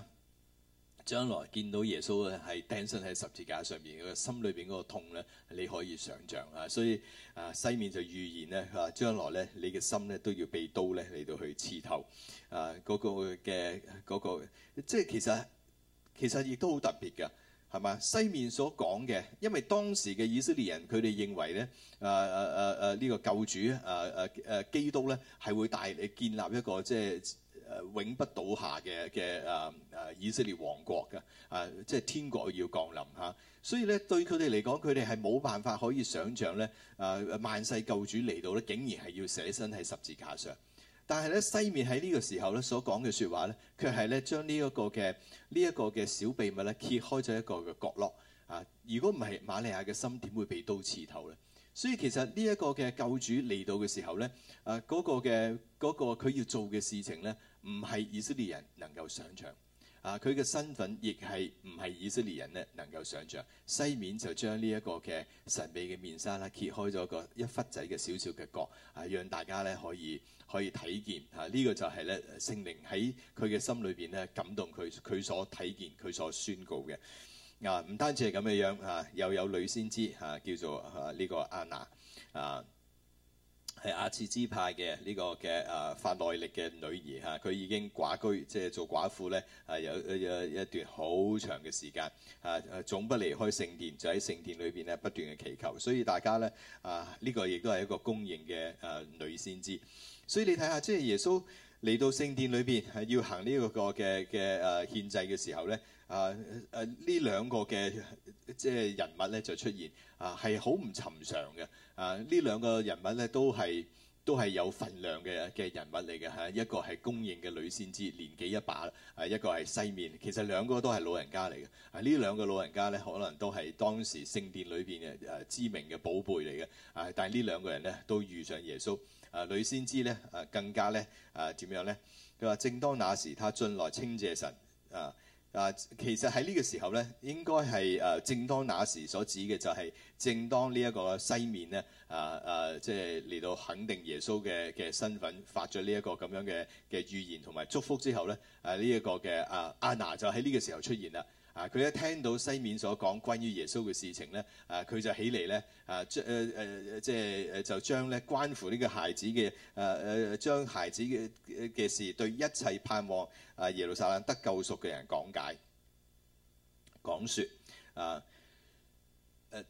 將來見到耶穌咧，係釘身喺十字架上面，個心裏邊嗰個痛咧，你可以想象啊。所以啊，西面就預言咧，啊將來咧，你嘅心咧都要被刀咧嚟到去刺透啊，嗰個嘅嗰個，即係其實其實亦都好特別噶。係嘛？西面所講嘅，因為當時嘅以色列人佢哋認為咧，誒誒誒誒呢個救主，誒誒誒基督咧，係會帶你建立一個即係、就是啊、永不倒下嘅嘅誒誒以色列王國嘅，誒、啊、即係天國要降臨嚇、啊。所以咧對佢哋嚟講，佢哋係冇辦法可以想像咧，誒、啊、萬世救主嚟到咧，竟然係要捨身喺十字架上。但係咧，西面喺呢個時候咧，所講嘅説話咧，卻係咧將呢一個嘅呢一個嘅小秘密咧揭開咗一個嘅角落啊！如果唔係瑪利亞嘅心點會被刀刺透咧？所以其實呢一個嘅救主嚟到嘅時候咧，誒、啊、嗰、那個嘅嗰佢要做嘅事情咧，唔係以色列人能夠想像。啊！佢嘅身份亦係唔係以色列人呢能夠想像，西面就將呢一個嘅神秘嘅面紗啦，揭開咗個一忽仔嘅小小嘅角，啊，讓大家呢可以可以睇見啊！呢、這個就係呢聖靈喺佢嘅心裏邊呢，感動佢，佢所睇見佢所宣告嘅啊！唔單止係咁嘅樣啊，又有女先知啊，叫做呢個亞拿。啊。這個係亞設支派嘅呢、這個嘅啊法內力嘅女兒嚇，佢、啊、已經寡居，即係做寡婦咧，係、啊、有誒一段好長嘅時間啊！誒總不離開聖殿，就喺聖殿裏邊咧不斷嘅祈求，所以大家咧啊，呢、這個亦都係一個公認嘅啊女先知。所以你睇下，即係耶穌嚟到聖殿裏邊係要行呢、這、一個嘅嘅誒獻祭嘅時候咧。啊！誒呢兩個嘅即係人物咧就出現啊，係好唔尋常嘅啊！呢兩個人物咧都係都係有份量嘅嘅人物嚟嘅嚇。一個係公認嘅女先知，年紀一把；啊，一個係西面，其實兩個都係老人家嚟嘅。啊，呢兩個老人家咧，可能都係當時聖殿裏邊嘅誒知名嘅寶貝嚟嘅啊。但係呢兩個人咧都遇上耶穌啊。女先知咧啊，更加咧啊點樣咧？佢話：正當那時，他進來稱謝神啊。啊啊，其實喺呢個時候咧，應該係誒，正當那時所指嘅就係、是、正當呢一個西面咧，啊啊，即係嚟到肯定耶穌嘅嘅身份，發咗呢一個咁樣嘅嘅預言同埋祝福之後咧，誒呢一個嘅啊亞拿就喺呢個時候出現啦。啊！佢一、uh, 聽到西面所講關於耶穌嘅事情咧，啊！佢就起嚟咧，啊！將誒、呃呃、即係誒就將咧關乎呢個孩子嘅誒誒，將孩子嘅嘅事對一切盼望啊耶路撒冷得救贖嘅人講解講説啊誒、啊、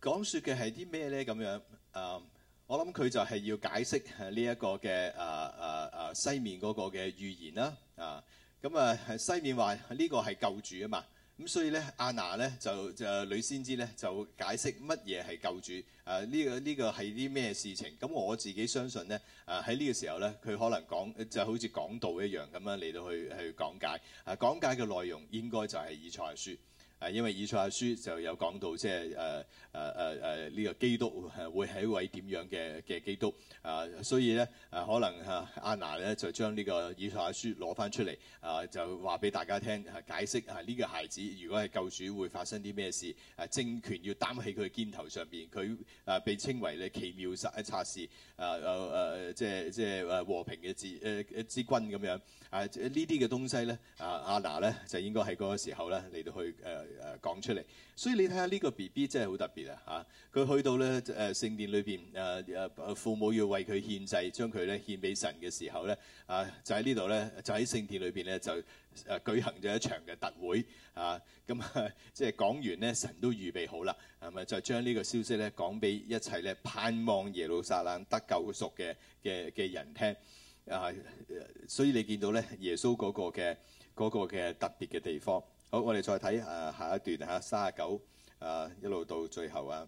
講説嘅係啲咩咧？咁樣啊！我諗佢就係要解釋呢一個嘅啊啊啊西面嗰個嘅預言啦啊！咁啊，西面話呢、這個係救主啊嘛，咁所以咧，亞拿咧就就女先知咧就解釋乜嘢係救主，誒、啊、呢、這個呢、這個係啲咩事情？咁、啊、我自己相信咧，誒喺呢個時候咧，佢可能講就好似講道一樣咁樣嚟到去去講解，誒、啊、講解嘅內容應該就係以賽亞書。誒、啊，因為以賽亞書就有講到，即係誒誒誒誒呢個基督係、啊、會係一位點樣嘅嘅基督啊，所以咧誒、啊、可能啊阿娜咧就將呢個以賽亞書攞翻出嚟啊，就話俾大家聽，解釋啊呢、這個孩子如果係救主會發生啲咩事？誒、啊、政權要擔起佢肩頭上邊，佢啊被稱為咧奇妙撒一策士啊誒誒、呃呃呃，即係即係誒和平嘅支誒一之君咁樣啊，呢啲嘅東西咧啊，啊，啊阿娜咧就應該喺嗰個時候咧嚟到去誒。啊啊啊啊啊誒講出嚟，所以你睇下呢個 BB 真係好特別啊！嚇，佢去到咧誒聖殿裏邊誒誒，父母要為佢獻祭，將佢咧獻俾神嘅時候咧啊，就喺呢度咧，就喺聖殿裏邊咧就誒舉行咗一場嘅特會啊！咁啊，即係講完咧，神都預備好啦，係咪？就將呢個消息咧講俾一切咧盼望耶路撒冷得救贖嘅嘅嘅人聽啊！所以你見到咧耶穌嗰個嘅嗰個嘅特別嘅地方。好，我哋再睇啊下一段嚇，三十九啊, 39，啊一路到最後啊。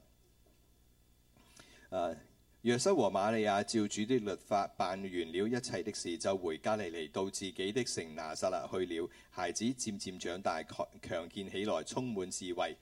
啊，約瑟和瑪利亞照主的律法辦完了一切的事，就回加利利到自己的城拿撒勒去了。孩子漸漸長大，呃，強健起來，充滿智慧。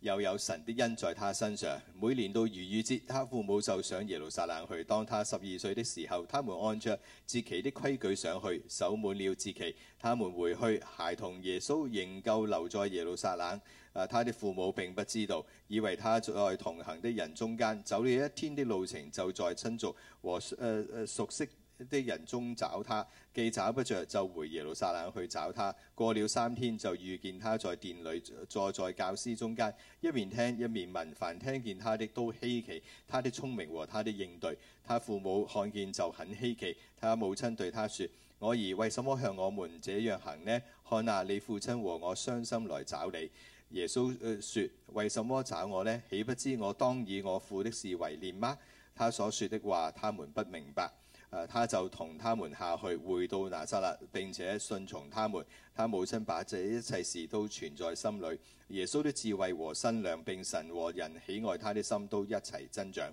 又有神的恩在他身上。每年到逾越節，他父母就上耶路撒冷去。當他十二歲的時候，他們按着節期的規矩上去守滿了節期。他們回去，孩童耶穌仍舊留在耶路撒冷。他的父母並不知道，以為他在同行的人中間走了一天的路程，就在親族和、呃、熟悉。啲人中找他，既找不着，就回耶路撒冷去找他。過了三天，就遇見他在殿裏坐在教師中間，一面聽一面問。凡聽見他的都稀奇他的聰明和他的應對，他父母看見就很稀奇。他母親對他說：“我兒為什麼向我們這樣行呢？看啊，你父親和我傷心來找你。耶穌、呃、說：“為什麼找我呢？豈不知我當以我父的事為念嗎？”他所說的話，他們不明白。誒、啊，他就同他們下去，回到拿撒勒，並且順從他們。他母親把這一切事都存在心裏。耶穌的智慧和身量並神和人喜愛他的心都一齊增長。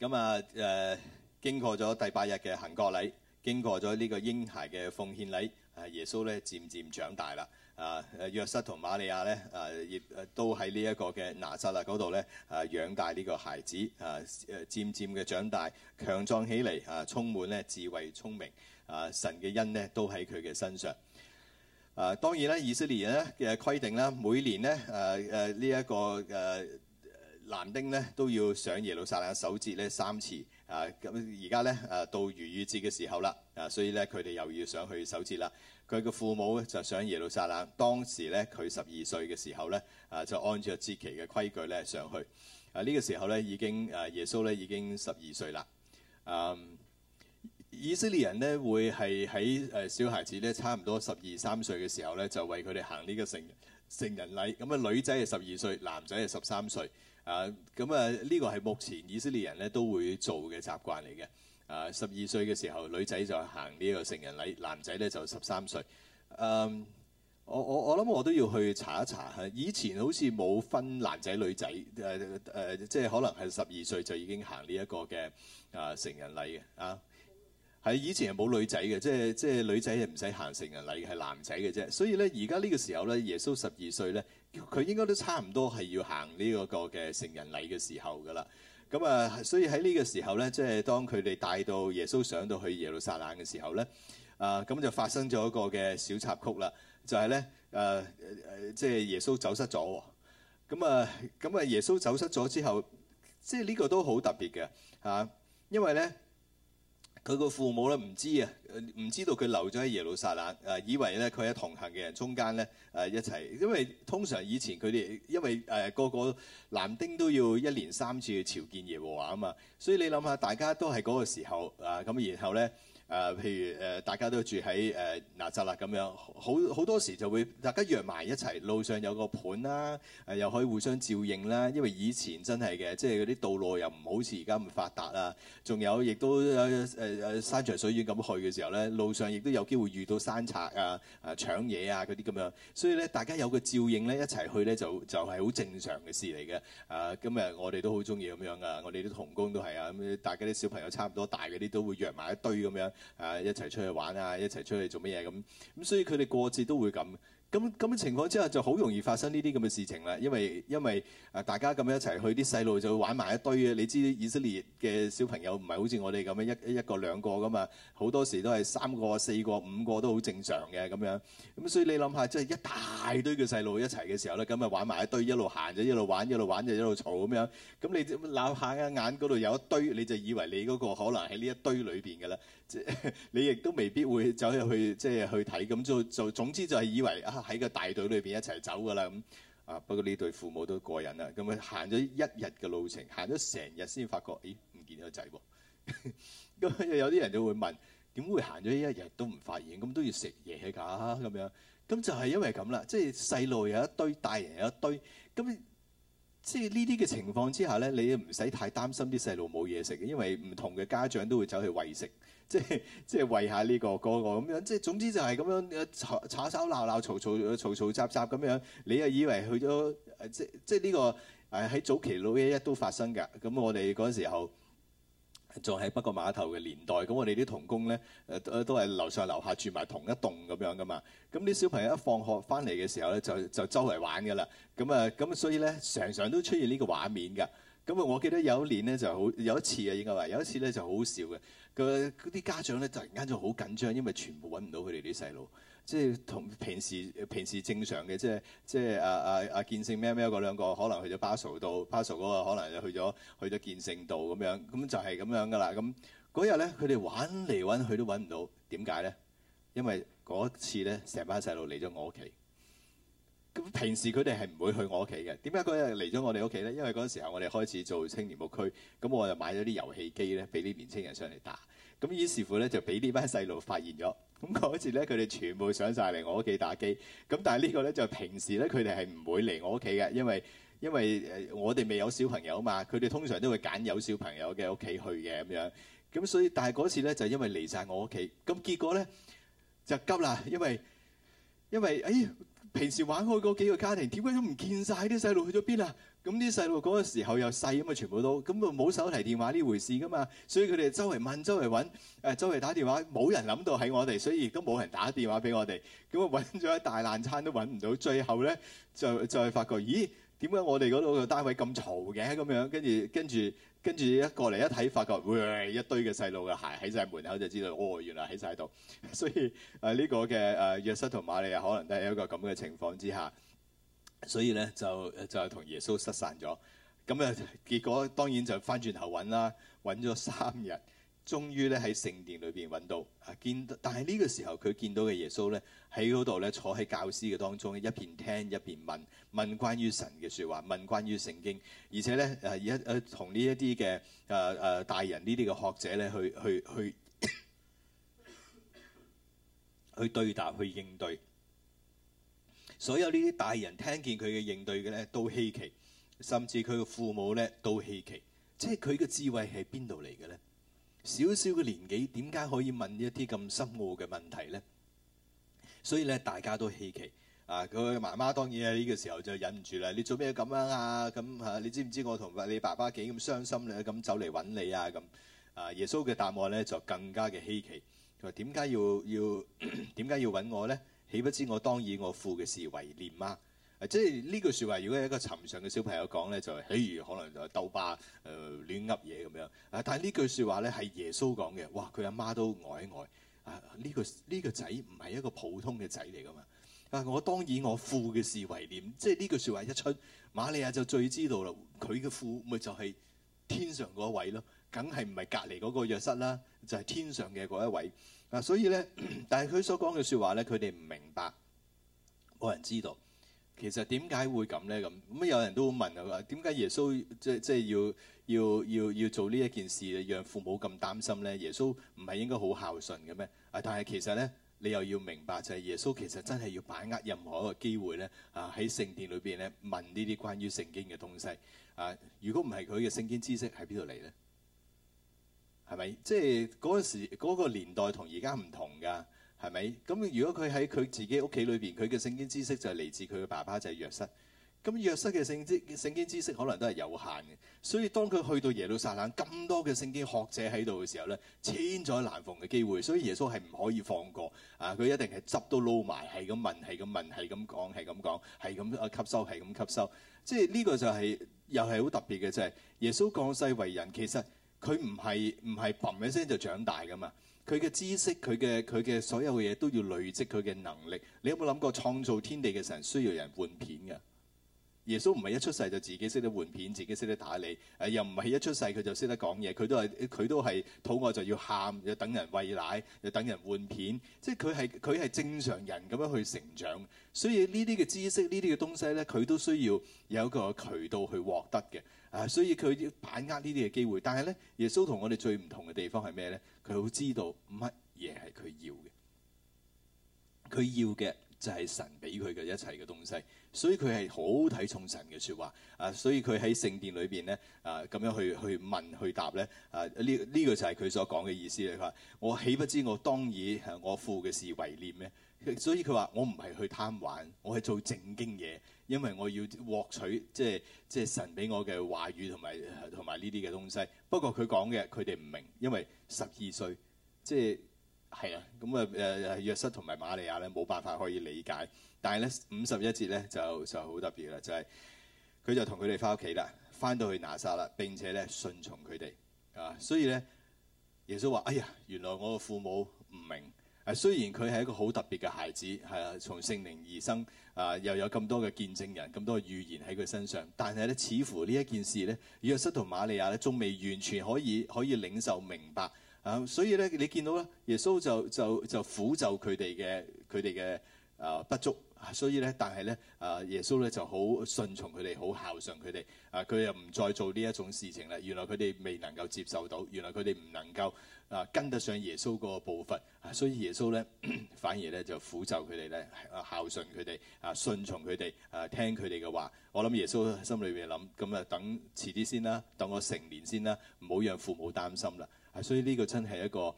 咁、嗯、啊誒、呃，經過咗第八日嘅行割禮，經過咗呢個嬰孩嘅奉獻禮、啊，耶穌咧漸漸長大啦。啊！約瑟同瑪利亞咧，啊，亦都喺呢一個嘅拿撒勒嗰度咧，啊，養大呢個孩子，啊，誒，漸漸嘅長大，強壯起嚟，啊，充滿咧智慧聰明，啊，神嘅恩呢，都喺佢嘅身上。啊，當然啦，以色列人咧嘅規定啦，每年呢，誒誒呢一個誒男、啊、丁呢，都要上耶路撒冷守節呢三次。啊，咁而家咧，啊到逾越節嘅時候啦，啊，所以咧佢哋又要上去守節啦。佢嘅父母咧就上耶路撒冷，當時咧佢十二歲嘅時候咧，啊就按照節期嘅規矩咧上去。啊、這、呢個時候咧已經誒耶穌咧已經十二歲啦。嗯，以色列人呢，會係喺誒小孩子咧差唔多十二三歲嘅時候咧就為佢哋行呢個成人成人禮。咁啊女仔係十二歲，男仔係十三歲。啊咁啊呢個係目前以色列人咧都會做嘅習慣嚟嘅。啊！十二歲嘅時候，女仔就行呢個成人禮，男仔咧就十三歲。嗯、um，我我我諗我都要去查一查嚇。以前好似冇分男仔女仔，誒、呃、誒、呃，即係可能係十二歲就已經行呢一個嘅啊成人禮嘅啊。喺以前係冇女仔嘅，即係即係女仔係唔使行成人禮，係男仔嘅啫。所以咧，而家呢個時候咧，耶穌十二歲咧，佢應該都差唔多係要行呢個嘅成人禮嘅時候噶啦。咁啊、嗯，所以喺呢個時候咧，即係當佢哋帶到耶穌上到去耶路撒冷嘅時候咧，啊、呃，咁就發生咗一個嘅小插曲啦，就係、是、咧，誒、呃、誒，即係耶穌走失咗。咁、嗯、啊，咁、嗯、啊，耶穌走失咗之後，即係呢個都好特別㗎、啊，因為咧。佢個父母咧，唔知啊，誒，唔知道佢留咗喺耶路撒冷，誒以為咧，佢喺同行嘅人中間咧，誒一齊，因為通常以前佢哋因為誒個個男丁都要一年三次去朝見耶和華啊嘛，所以你諗下大家都係嗰個時候啊，咁然後咧。誒、啊，譬如誒，大家都住喺誒哪吒拿撒勒啦咁樣，好好多時就會大家約埋一齊，路上有個伴啦、啊，誒又可以互相照應啦、啊。因為以前真係嘅，即係嗰啲道路又唔好似而家咁發達啊。仲有亦都誒誒、啊啊、山長水遠咁去嘅時候咧，路上亦都有機會遇到山賊啊、誒、啊、搶嘢啊嗰啲咁樣。所以咧，大家有個照應咧，一齊去咧就就係好正常嘅事嚟嘅。啊，今日我哋都好中意咁樣噶、啊，我哋啲同工都係啊，咁大家啲小朋友差唔多大嗰啲都會約埋一堆咁樣。啊！一齊出去玩啊！一齊出去做乜嘢咁咁？所以佢哋過節都會咁咁咁嘅情況之下，就好容易發生呢啲咁嘅事情啦。因為因為啊，大家咁樣一齊去，啲細路就會玩埋一堆嘅。你知以色列嘅小朋友唔係好似我哋咁樣一一,一個兩個噶嘛？好多時都係三個、四個、五個都好正常嘅咁樣。咁所以你諗下，即係一大堆嘅細路一齊嘅時候咧，咁啊玩埋一堆，一路行咗一路玩，一路玩就一路嘈咁樣。咁你擸下眼嗰度有一堆，你就以為你嗰個可能喺呢一堆裏邊噶啦。即係你亦都未必會走入去，即係去睇咁。就就總之就係以為啊，喺個大隊裏邊一齊走噶啦咁啊。不過呢對父母都過癮啦。咁佢行咗一日嘅路程，行咗成日先發覺，咦唔見咗個仔喎。咁有啲人就會問點會行咗一日都唔發現？咁都要食嘢㗎咁樣。咁就係因為咁啦，即係細路有一堆，大人有一堆。咁即係呢啲嘅情況之下咧，你唔使太擔心啲細路冇嘢食嘅，因為唔同嘅家長都會走去餵食。即係即係為下呢個嗰個咁樣，即係、這個那個、總之就係咁樣吵吵，吵吵吵鬧鬧嘈嘈嘈嘈雜雜咁樣，你又以為去咗即即呢、這個喺早期老一一都發生㗎。咁我哋嗰陣時候仲喺北角碼頭嘅年代，咁我哋啲童工咧誒誒都係樓上樓下住埋同一棟咁樣㗎嘛。咁啲小朋友一放學翻嚟嘅時候咧，就就周圍玩㗎啦。咁啊咁所以咧，常常都出現呢個畫面㗎。咁啊！我記得有一年咧，就好有一次啊，應該話有一次咧，就好笑嘅。佢啲家長咧，突然間就好緊張，因為全部揾唔到佢哋啲細路。即係同平時平時正常嘅，即係即係啊啊啊建聖咩咩嗰兩個，可能去咗巴塞度，巴塞嗰個可能又去咗去咗建聖度咁樣。咁就係咁樣㗎喇。咁嗰日咧，佢哋玩嚟揾去都揾唔到，點解咧？因為嗰次咧，成班細路嚟咗我屋企。平時佢哋係唔會去我屋企嘅，點解佢哋嚟咗我哋屋企咧？因為嗰陣時候我哋開始做青年牧區，咁我就買咗啲遊戲機咧，俾啲年青人上嚟打。咁於是乎咧，就俾呢班細路發現咗。咁嗰次咧，佢哋全部上曬嚟我屋企打機。咁但係呢個咧就平時咧，佢哋係唔會嚟我屋企嘅，因為因為我哋未有小朋友啊嘛，佢哋通常都會揀有小朋友嘅屋企去嘅咁樣。咁所以，但係嗰次咧就因為嚟曬我屋企，咁結果咧就急啦，因為因為哎。平時玩開嗰幾個家庭，點解都唔見晒啲細路去咗邊啊？咁啲細路嗰個時候又細，吖嘛，全部都咁啊冇手提電話呢回事噶嘛，所以佢哋周圍問、周圍揾、誒周圍打電話，冇人諗到喺我哋，所以亦都冇人打電話俾我哋。咁啊揾咗一大爛餐都揾唔到，最後咧就就係發覺，咦點解我哋嗰度嘅單位咁嘈嘅咁樣？跟住跟住。跟住一過嚟一睇，發覺喎一堆嘅細路嘅鞋喺曬門口，就知道哦，原來喺晒度。所以誒呢、啊這個嘅誒、啊、約瑟同瑪利亞，可能都係一個咁嘅情況之下，所以咧就就同耶穌失散咗。咁啊結果當然就翻轉頭揾啦，揾咗三日。終於咧喺聖殿裏邊揾到，見到，但係呢個時候佢見到嘅耶穌咧喺嗰度咧坐喺教師嘅當中，一邊聽一邊問問關於神嘅説話，問關於聖經，而且咧誒、啊、一誒同呢一啲嘅誒誒大人呢啲嘅學者咧去去去去， 去對答去應對。所有呢啲大人聽見佢嘅應對嘅咧都稀奇，甚至佢嘅父母咧都稀奇，即係佢嘅智慧係邊度嚟嘅咧？少少嘅年紀，點解可以問一啲咁深奧嘅問題呢？所以咧，大家都稀奇。啊，佢媽媽當然喺呢個時候就忍唔住啦！你做咩咁樣啊？咁啊，啊，你知唔知我同你爸爸幾咁傷心咧？咁啊，啊，走嚟揾你啊？咁啊，耶穌嘅答案咧就更加嘅稀奇。佢話：點解要 要點解要揾我呢？豈不知我當以我父嘅事為念嗎？即係呢句説話，如果係一個尋常嘅小朋友講咧，就係譬如可能就係鬥霸、誒亂噏嘢咁樣。但係呢句説話咧係耶穌講嘅，哇！佢阿媽都呆一呆。啊，呢、這個呢、這個仔唔係一個普通嘅仔嚟㗎嘛。啊，我當以我父嘅事為念。即係呢句説話一出，瑪利亞就最知道啦。佢嘅父咪就係天上嗰一位咯，梗係唔係隔離嗰個約瑟啦，就係、是、天上嘅嗰一位。啊，所以咧，但係佢所講嘅説話咧，佢哋唔明白，冇人知道。其實點解會咁咧？咁咁有人都會問啊，點解耶穌即係即係要要要要做呢一件事，讓父母咁擔心咧？耶穌唔係應該好孝順嘅咩？啊，但係其實咧，你又要明白就係耶穌其實真係要把握任何一個機會咧，啊喺聖殿裏邊咧問呢啲關於聖經嘅東西。啊，如果唔係佢嘅聖經知識喺邊度嚟咧？係咪？即係嗰陣時嗰個年代同而家唔同㗎。係咪？咁如果佢喺佢自己屋企裏邊，佢嘅聖經知識就係嚟自佢嘅爸爸就係約瑟。咁約瑟嘅聖知聖經知識可能都係有限嘅。所以當佢去到耶路撒冷咁多嘅聖經學者喺度嘅時候咧，千載難逢嘅機會，所以耶穌係唔可以放過啊！佢一定係執到撈埋，係咁問，係咁問，係咁講，係咁講，係咁啊吸收，係咁吸收。即係呢個就係、是、又係好特別嘅，就係、是、耶穌降世為人，其實佢唔係唔係砰一聲就長大㗎嘛。佢嘅知識，佢嘅佢嘅所有嘢都要累積佢嘅能力。你有冇諗過創造天地嘅時候需要人換片嘅？耶穌唔係一出世就自己識得換片，自己識得打理，誒、呃、又唔係一出世佢就識得講嘢，佢都係佢都係肚餓就要喊，要等人餵奶，要等人換片，即係佢係佢係正常人咁樣去成長，所以呢啲嘅知識，呢啲嘅東西咧，佢都需要有一個渠道去獲得嘅，啊，所以佢要把握呢啲嘅機會。但係咧，耶穌同我哋最唔同嘅地方係咩咧？佢好知道乜嘢係佢要嘅，佢要嘅就係神俾佢嘅一切嘅東西。所以佢係好睇重神嘅説話，啊，所以佢喺聖殿裏邊咧，啊，咁樣去去問去答咧，啊，呢呢個就係佢所講嘅意思嚟。佢話：我豈不知我當以我父嘅事為念咩？所以佢話：我唔係去貪玩，我係做正經嘢，因為我要獲取即係即係神俾我嘅話語同埋同埋呢啲嘅東西。不過佢講嘅佢哋唔明，因為十二歲即係。係啊，咁啊誒約瑟同埋瑪利亞咧冇辦法可以理解，但係咧五十一節咧就就好特別啦，就係、是、佢就同佢哋翻屋企啦，翻到去拿撒勒並且咧順從佢哋啊，所以咧耶穌話：哎呀，原來我嘅父母唔明啊，雖然佢係一個好特別嘅孩子，係啊，從聖靈而生啊，又有咁多嘅見證人、咁多嘅預言喺佢身上，但係咧似乎呢一件事咧，約瑟同瑪利亞咧仲未完全可以可以領受明白。啊，所以咧，你見到咧，耶穌就就就俯就佢哋嘅佢哋嘅啊不足啊。所以咧，但係咧啊，耶穌咧就好順從佢哋，好孝順佢哋啊。佢又唔再做呢一種事情啦。原來佢哋未能夠接受到，原來佢哋唔能夠啊跟得上耶穌個步伐啊。所以耶穌咧反而咧就俯就佢哋咧，孝順佢哋啊，順從佢哋啊，聽佢哋嘅話。我諗耶穌心裏邊諗咁啊，就等遲啲先啦，等我成年先啦，唔好讓父母擔心啦。啊、所以呢個真係一個，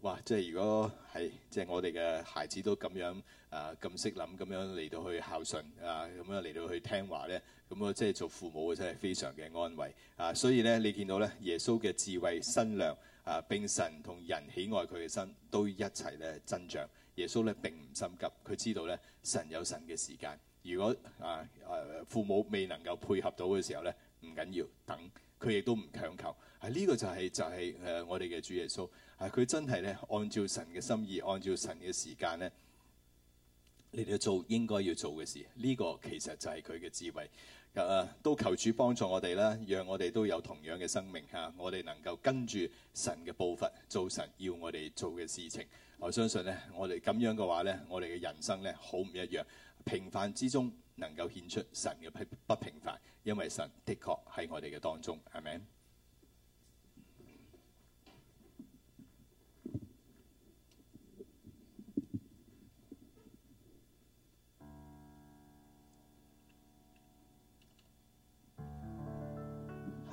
哇！即係如果係即係我哋嘅孩子都咁樣啊咁識諗，咁樣嚟到去孝順啊，咁樣嚟到去聽話咧，咁啊即係做父母嘅真係非常嘅安慰啊！所以呢，你見到呢，耶穌嘅智慧、身量啊，並神同人喜愛佢嘅身都一齊咧增長。耶穌呢並唔心急，佢知道呢，神有神嘅時間。如果啊啊父母未能夠配合到嘅時候呢，唔緊要，等佢亦都唔強求。係呢個就係、是、就係誒，我哋嘅主耶穌係佢，啊、真係咧，按照神嘅心意，按照神嘅時間咧嚟到做應該要做嘅事。呢，這個其實就係佢嘅智慧。誒、啊，都求主幫助我哋啦，讓我哋都有同樣嘅生命吓、啊，我哋能夠跟住神嘅步伐做神要我哋做嘅事情。我相信咧，我哋咁樣嘅話咧，我哋嘅人生咧好唔一樣。平凡之中能夠顯出神嘅不平凡，因為神的確喺我哋嘅當中。阿們。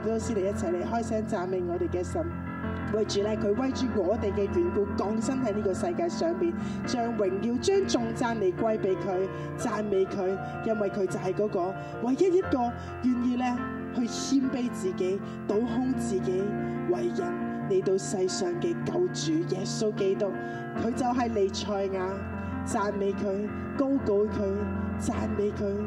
多斯你一齊嚟開聲讚美我哋嘅神。為住咧佢威住我哋嘅緣故降生喺呢個世界上面，將榮耀將頌讚嚟歸俾佢，讚美佢，因為佢就係嗰個唯一一個願意咧去謙卑自己、倒空自己、為人嚟到世上嘅救主耶穌基督，佢就係彌賽亞，讚美佢，高舉佢，讚美佢。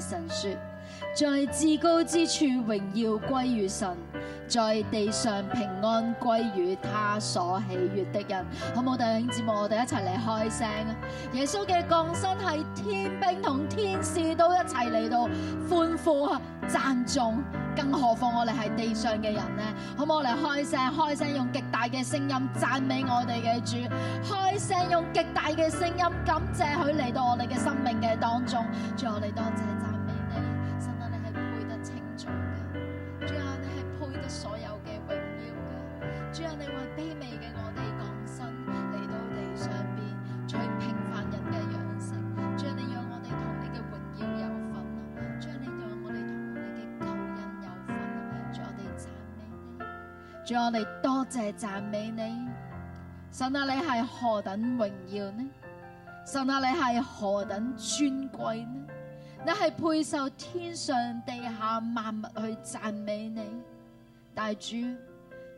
神說，在至高之處榮耀歸於神，在地上平安歸於他所喜悅的人。好唔好？弟兄姊妹，我哋一齊嚟開聲啊！耶穌嘅降生係天兵同天使都一齊嚟到歡呼啊讚頌，更何況我哋係地上嘅人呢？好唔好？我哋開聲，開聲用極大嘅聲音讚美我哋嘅主，開聲用極大嘅聲音感謝佢嚟到我哋嘅生命嘅當中。主，我哋多謝。主，我哋多謝讚美你，神啊，你係何等榮耀呢？神啊，你係何等尊貴呢？你係配受天上地下萬物去讚美你，大主，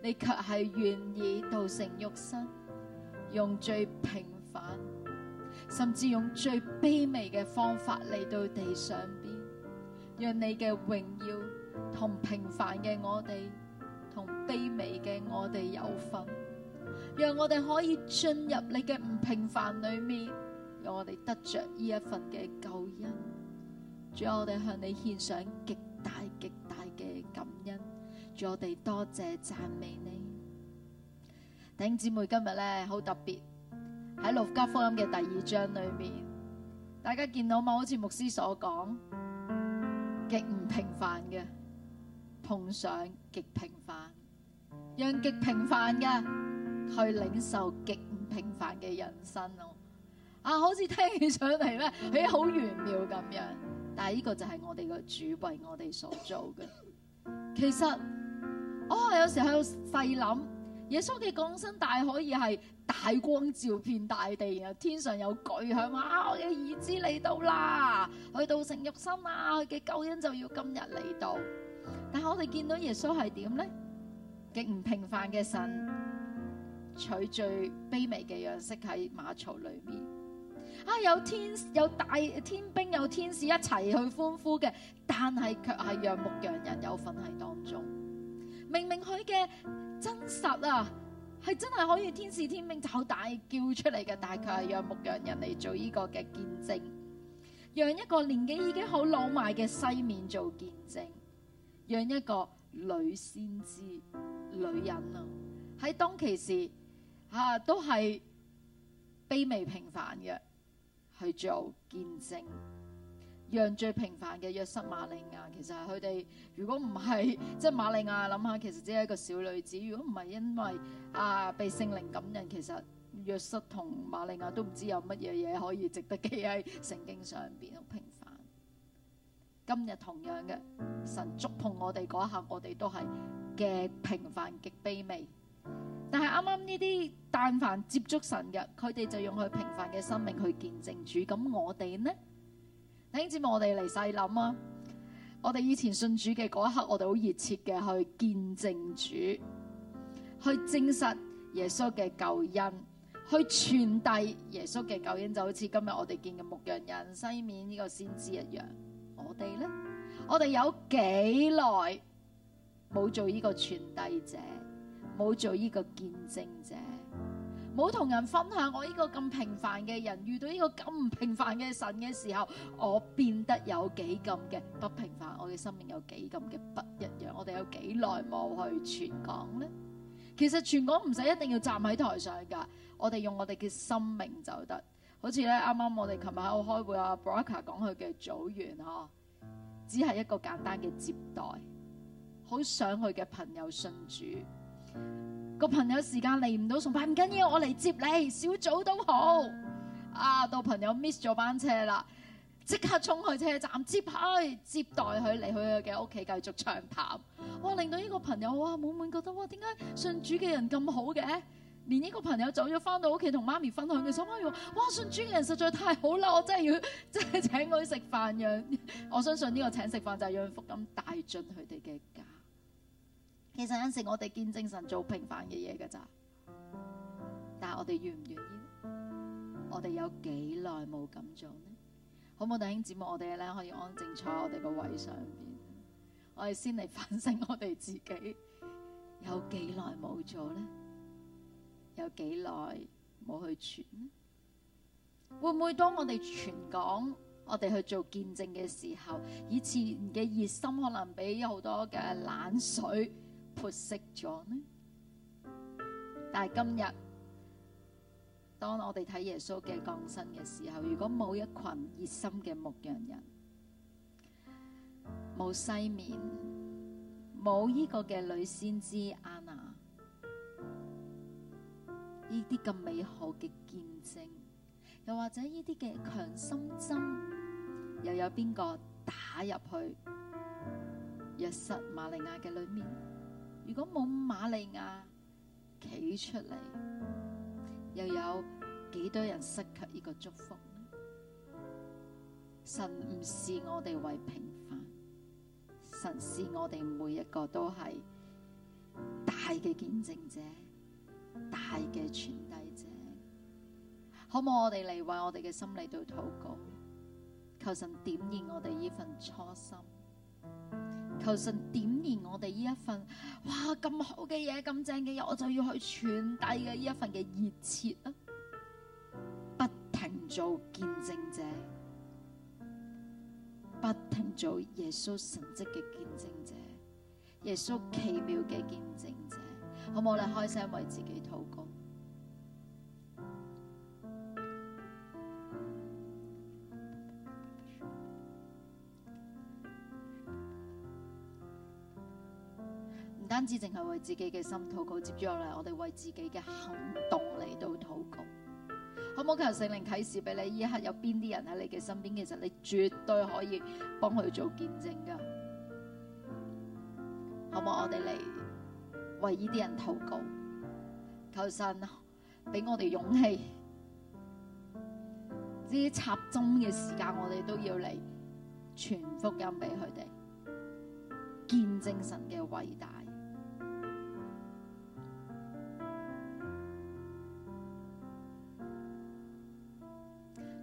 你卻係願意道成肉身，用最平凡，甚至用最卑微嘅方法嚟到地上邊，讓你嘅榮耀同平凡嘅我哋。卑微嘅我哋有份，讓我哋可以進入你嘅唔平凡裏面，讓我哋得着呢一份嘅救恩。主，我哋向你獻上極大極大嘅感恩。主，我哋多謝讚美你。弟兄姊妹今呢，今日咧好特別，喺《路加福音》嘅第二章裏面，大家見到冇？好似牧師所講，極唔平凡嘅碰上極平凡。讓極平凡嘅去領受極唔平凡嘅人生咯。極唔平凡嘅神，取最卑微嘅樣式喺馬槽裏面。啊，有天有大天兵有天使一齊去歡呼嘅，但係卻係讓牧羊人有份喺當中。明明佢嘅真實啊，係真係可以天使天兵就大叫出嚟嘅，但係佢係讓牧羊人嚟做呢個嘅見證，讓一個年紀已經好老邁嘅西面做見證，讓一個。女先知，女人啊，喺當其時嚇都係卑微平凡嘅，去做見證，讓最平凡嘅約瑟瑪利亞，其實係佢哋，如果唔係即係瑪利亞諗下，其實只係一個小女子，如果唔係因為啊被聖靈感人，其實約瑟同瑪利亞都唔知有乜嘢嘢可以值得記喺聖經上邊好平凡。今日同樣嘅神觸碰我哋嗰一刻，我哋都係嘅平凡極卑微。但係啱啱呢啲但凡接觸神嘅，佢哋就用佢平凡嘅生命去見證主。咁我哋呢？弟兄姊妹，我哋嚟細諗啊！我哋以前信主嘅嗰一刻，我哋好熱切嘅去見證主，去證實耶穌嘅救恩，去傳遞耶穌嘅救恩，就好似今日我哋見嘅牧羊人、西面呢個先知一樣。我哋咧，我哋有幾耐冇做呢個傳遞者，冇做呢個見證者，冇同人分享我呢個咁平凡嘅人遇到呢個咁唔平凡嘅神嘅時候，我變得有幾咁嘅不平凡，我嘅生命有幾咁嘅不一樣。我哋有幾耐冇去傳講咧？其實傳講唔使一定要站喺台上噶，我哋用我哋嘅生命就得。好似咧，啱啱我哋琴日喺度開會啊，Brother 講佢嘅組員嗬。只係一個簡單嘅接待，好想佢嘅朋友信主。個朋友時間嚟唔到崇拜唔緊要，我嚟接你，小組都好。啊，到朋友 miss 咗班車啦，即刻衝去車站接佢，接待佢嚟去佢嘅屋企繼續長談。哇，令到呢個朋友啊滿滿覺得哇，點解信主嘅人咁好嘅？連呢個朋友走咗翻到屋企同媽咪分享嘅時候，佢想：哎呀，哇！信主嘅人實在太好啦，我真係要真係請佢食飯嘅。 我相信呢個請食飯就係讓福音帶進佢哋嘅家。其實有陣時我哋見證神做平凡嘅嘢噶咋，但係我哋願唔願意？我哋有幾耐冇咁做呢？好唔好，弟兄姊妹？我哋咧可以安靜坐喺我哋個位上邊，我哋先嚟反省我哋自己有幾耐冇做呢？有幾耐冇去傳？會唔會當我哋傳講、我哋去做見證嘅時候，以前嘅熱心可能俾好多嘅冷水潑熄咗呢？但係今日，當我哋睇耶穌嘅降生嘅時候，如果冇一群熱心嘅牧羊人，冇西面，冇呢個嘅女先知亞拿。Anna，呢啲咁美好嘅見證，又或者呢啲嘅強心針，又有邊個打入去約瑟瑪利亞嘅裏面？如果冇瑪利亞企出嚟，又有幾多人失去呢個祝福呢？神唔視我哋為平凡，神視我哋每一個都係大嘅見證者。大嘅傳遞者，可唔可以我哋嚟為我哋嘅心裡度禱告？求神點燃我哋呢份初心，求神點燃我哋呢一份哇咁好嘅嘢，咁正嘅嘢，我就要去傳遞嘅呢一份嘅熱切啊！不停做見證者，不停做耶穌神蹟嘅見證者，耶穌奇妙嘅見證者。好唔好咧？你開聲為自己禱告，唔 單止淨係為自己嘅心禱告，接住落嚟，我哋為自己嘅行動嚟到禱告，好唔好？求聖靈啟示俾你，依一刻有邊啲人喺你嘅身邊？其實你絕對可以幫佢做見證噶，好唔好？我哋嚟。為呢呢啲人禱告，求神畀我哋勇氣。呢啲插針嘅時間，我哋都要嚟傳福音畀佢哋，見證神嘅偉大。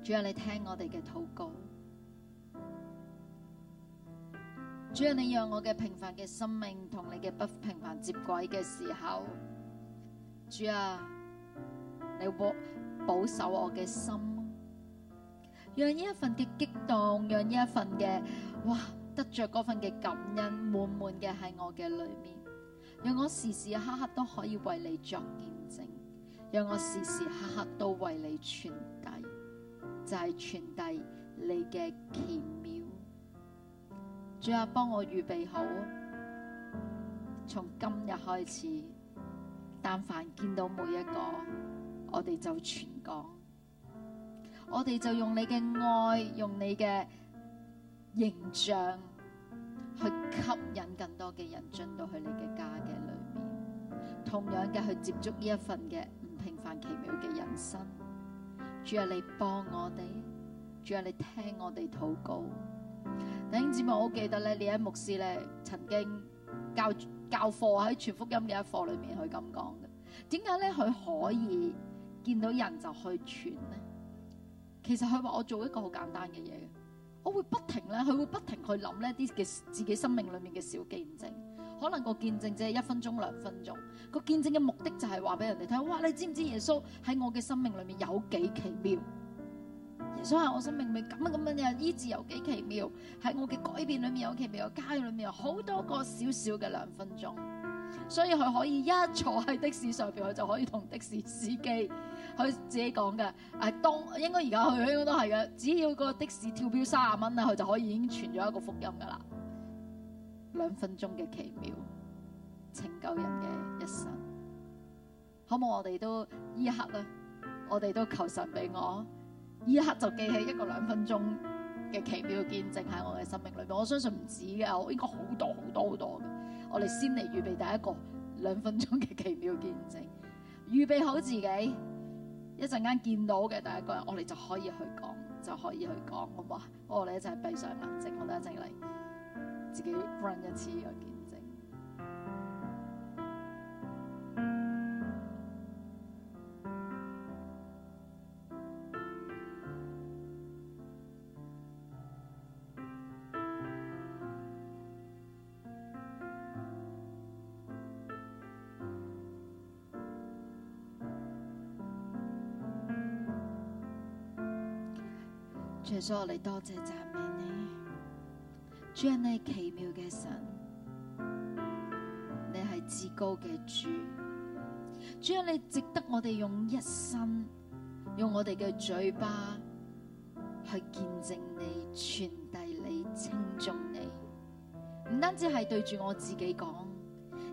主啊，你聽我哋嘅禱告。主啊，你讓我嘅平凡嘅生命同你嘅不平凡接軌嘅時候，主啊，你保保守我嘅心，讓呢一份嘅激動，讓呢一份嘅哇，得着嗰份嘅感恩，滿滿嘅喺我嘅裏面，讓我時時刻刻都可以為你作見證，讓我時時刻刻都為你傳遞，就係、是、傳遞你嘅主啊，幫我預備好，從今日開始，但凡見到每一個，我哋就傳講，我哋就用你嘅愛，用你嘅形象去吸引更多嘅人進到去你嘅家嘅裏面，同樣嘅去接觸呢一份嘅唔平凡奇妙嘅人生。主啊，你幫我哋，主啊，你聽我哋禱告。弟兄姊妹，我好記得咧，呢一牧師咧曾經教教課喺傳福音嘅一課裏面，佢咁講嘅。點解咧？佢可以見到人就去傳咧？其實佢話我做一個好簡單嘅嘢，我會不停咧，佢會不停去諗呢啲自己生命裏面嘅小見證。可能個見證只係一分鐘兩分鐘，個見證嘅目的就係話俾人哋聽。哇！你知唔知耶穌喺我嘅生命裏面有幾奇妙？所以我想明明咁啊咁啊嘅依自由幾奇妙喺我嘅改變裏面，有奇妙；有街裏，裏面，有好多個少少嘅兩分鐘。所以佢可以一坐喺的士上邊，佢就可以同的士司機佢自己講嘅。誒、啊，當應該而家去香港都係嘅，只要個的士跳表三十蚊啦，佢就可以已經傳咗一個福音噶啦。兩分鐘嘅奇妙，拯救人嘅一生，好，唔好我哋都依一刻咧？我哋都，都求神俾我。一刻就記起一個兩分鐘嘅奇妙見證喺我嘅生命裏邊，我相信唔止嘅，我應該好多好多好多嘅。我哋先嚟預備第一個兩分鐘嘅奇妙見證，預備好自己，一陣間見到嘅第一個人，我哋就可以去講，就可以去講，好唔好？我哋一齊閉上眼睛，我哋一齊嚟自己 run 一次個見所以我嚟多謝讚美你，主，你係奇妙嘅神，你係至高嘅主，主你值得我哋用一生，用我哋嘅嘴巴去見證你、傳遞你、稱頌你。唔單止係對住我自己講，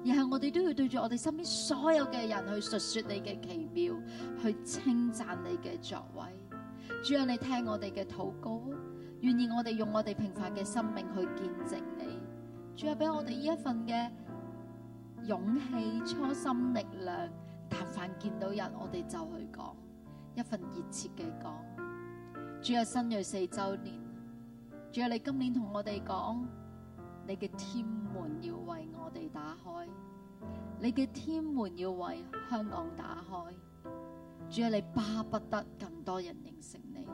而係我哋都要對住我哋身邊所有嘅人去述說你嘅奇妙，去稱讚你嘅作為。主啊，你聽我哋嘅禱告，願意我哋用我哋平凡嘅生命去見證你。主啊，俾我哋呢一份嘅勇氣、初心、力量。但凡，凡見到人，我哋就去講一份熱切嘅講。主有新銳四周年。主啊，你今年同我哋講，你嘅天門要為我哋打開，你嘅天門要為香港打開。主啊，你巴不得更多人認識你，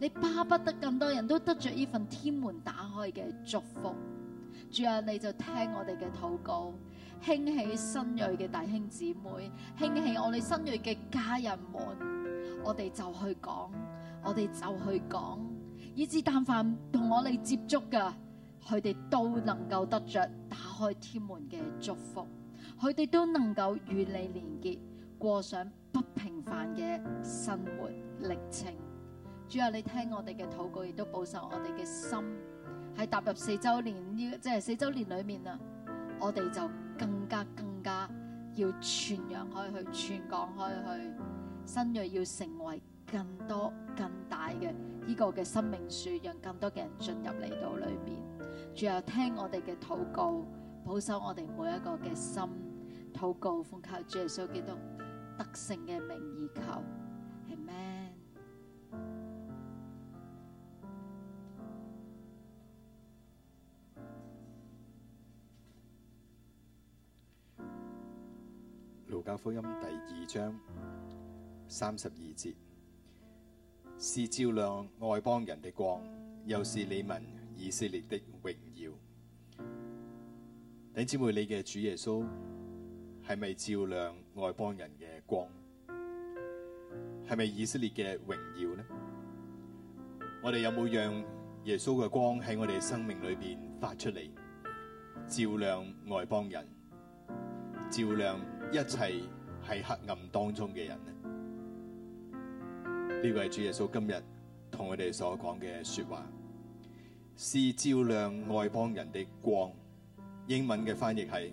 你巴不得更多人都得着呢份天門打開嘅祝福。主啊，你就聽我哋嘅禱告，興起新銳嘅弟兄姊妹，興起我哋新銳嘅家人們，我哋就去講，我哋就去講，以至但凡同我哋接觸嘅，佢哋都能夠得着打開天門嘅祝福，佢哋都能夠與你連結，過上。不平凡嘅生活歷程，主要你聽我哋嘅禱告，亦都保守我哋嘅心，喺踏入四周年呢，即係四周年裏面啊，我哋就更加更加要傳揚開去，傳講開去，新銳要成為更多更大嘅呢個嘅生命樹，讓更多嘅人進入嚟到裏面。主啊，聽我哋嘅禱告，保守我哋每一個嘅心，禱告奉靠主耶穌基督得勝嘅名而求，阿門。路加福音第二章三十二節，是照亮外邦人嘅光，又是你們以色列的榮耀。弟兄姊妹，你嘅主耶穌。係咪照亮外邦人嘅光？係咪以色列嘅榮耀呢？我哋有冇讓耶穌嘅光喺我哋生命裏邊發出嚟，照亮外邦人，照亮一切喺黑暗當中嘅人呢？呢位、這個、主耶穌今日同我哋所講嘅說話，是照亮外邦人嘅光。英文嘅翻譯係。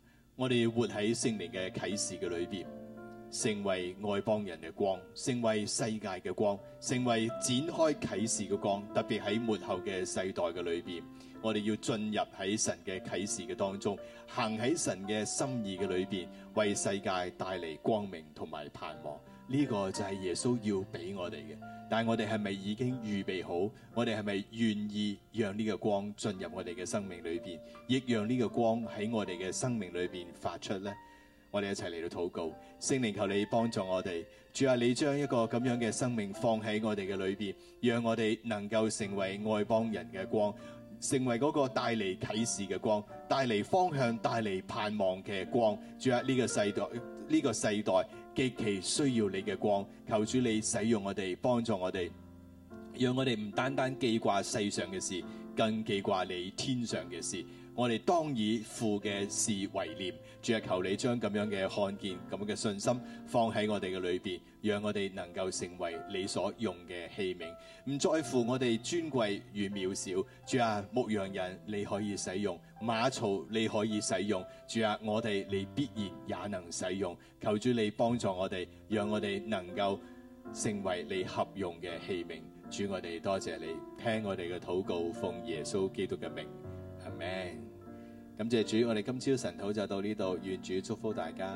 我哋活喺聖靈嘅啟示嘅裏邊，成為外邦人嘅光，成為世界嘅光，成為展開啟示嘅光。特別喺末後嘅世代嘅裏邊，我哋要進入喺神嘅啟示嘅當中，行喺神嘅心意嘅裏邊，為世界帶嚟光明同埋盼望。呢個就係耶穌要俾我哋嘅，但係我哋係咪已經預備好？我哋係咪願意讓呢個光進入我哋嘅生命裏邊，亦讓呢個光喺我哋嘅生命裏邊發出呢？我哋一齊嚟到禱告，聖靈求你幫助我哋，主啊，你將一個咁樣嘅生命放喺我哋嘅裏邊，讓我哋能夠成為外邦人嘅光，成為嗰個帶嚟啟示嘅光，帶嚟方向、帶嚟盼望嘅光。主啊，呢個世代，呢個世代。極其需要你嘅光，求主你使用我哋，幫助我哋，讓我哋唔單單記掛世上嘅事，更記掛你天上嘅事。我哋當以父嘅事為念，主啊，求你將咁樣嘅看見、咁樣嘅信心放喺我哋嘅裏邊，讓我哋能夠成為你所用嘅器皿，唔在乎我哋尊貴與渺小。主啊，牧羊人你可以使用，馬槽你可以使用，主啊，我哋你必然也能使用。求主你幫助我哋，讓我哋能夠成為你合用嘅器皿。主，我哋多謝你，聽我哋嘅禱告，奉耶穌基督嘅名。誒，感謝主，我哋今朝晨禱就到呢度，願主祝福大家。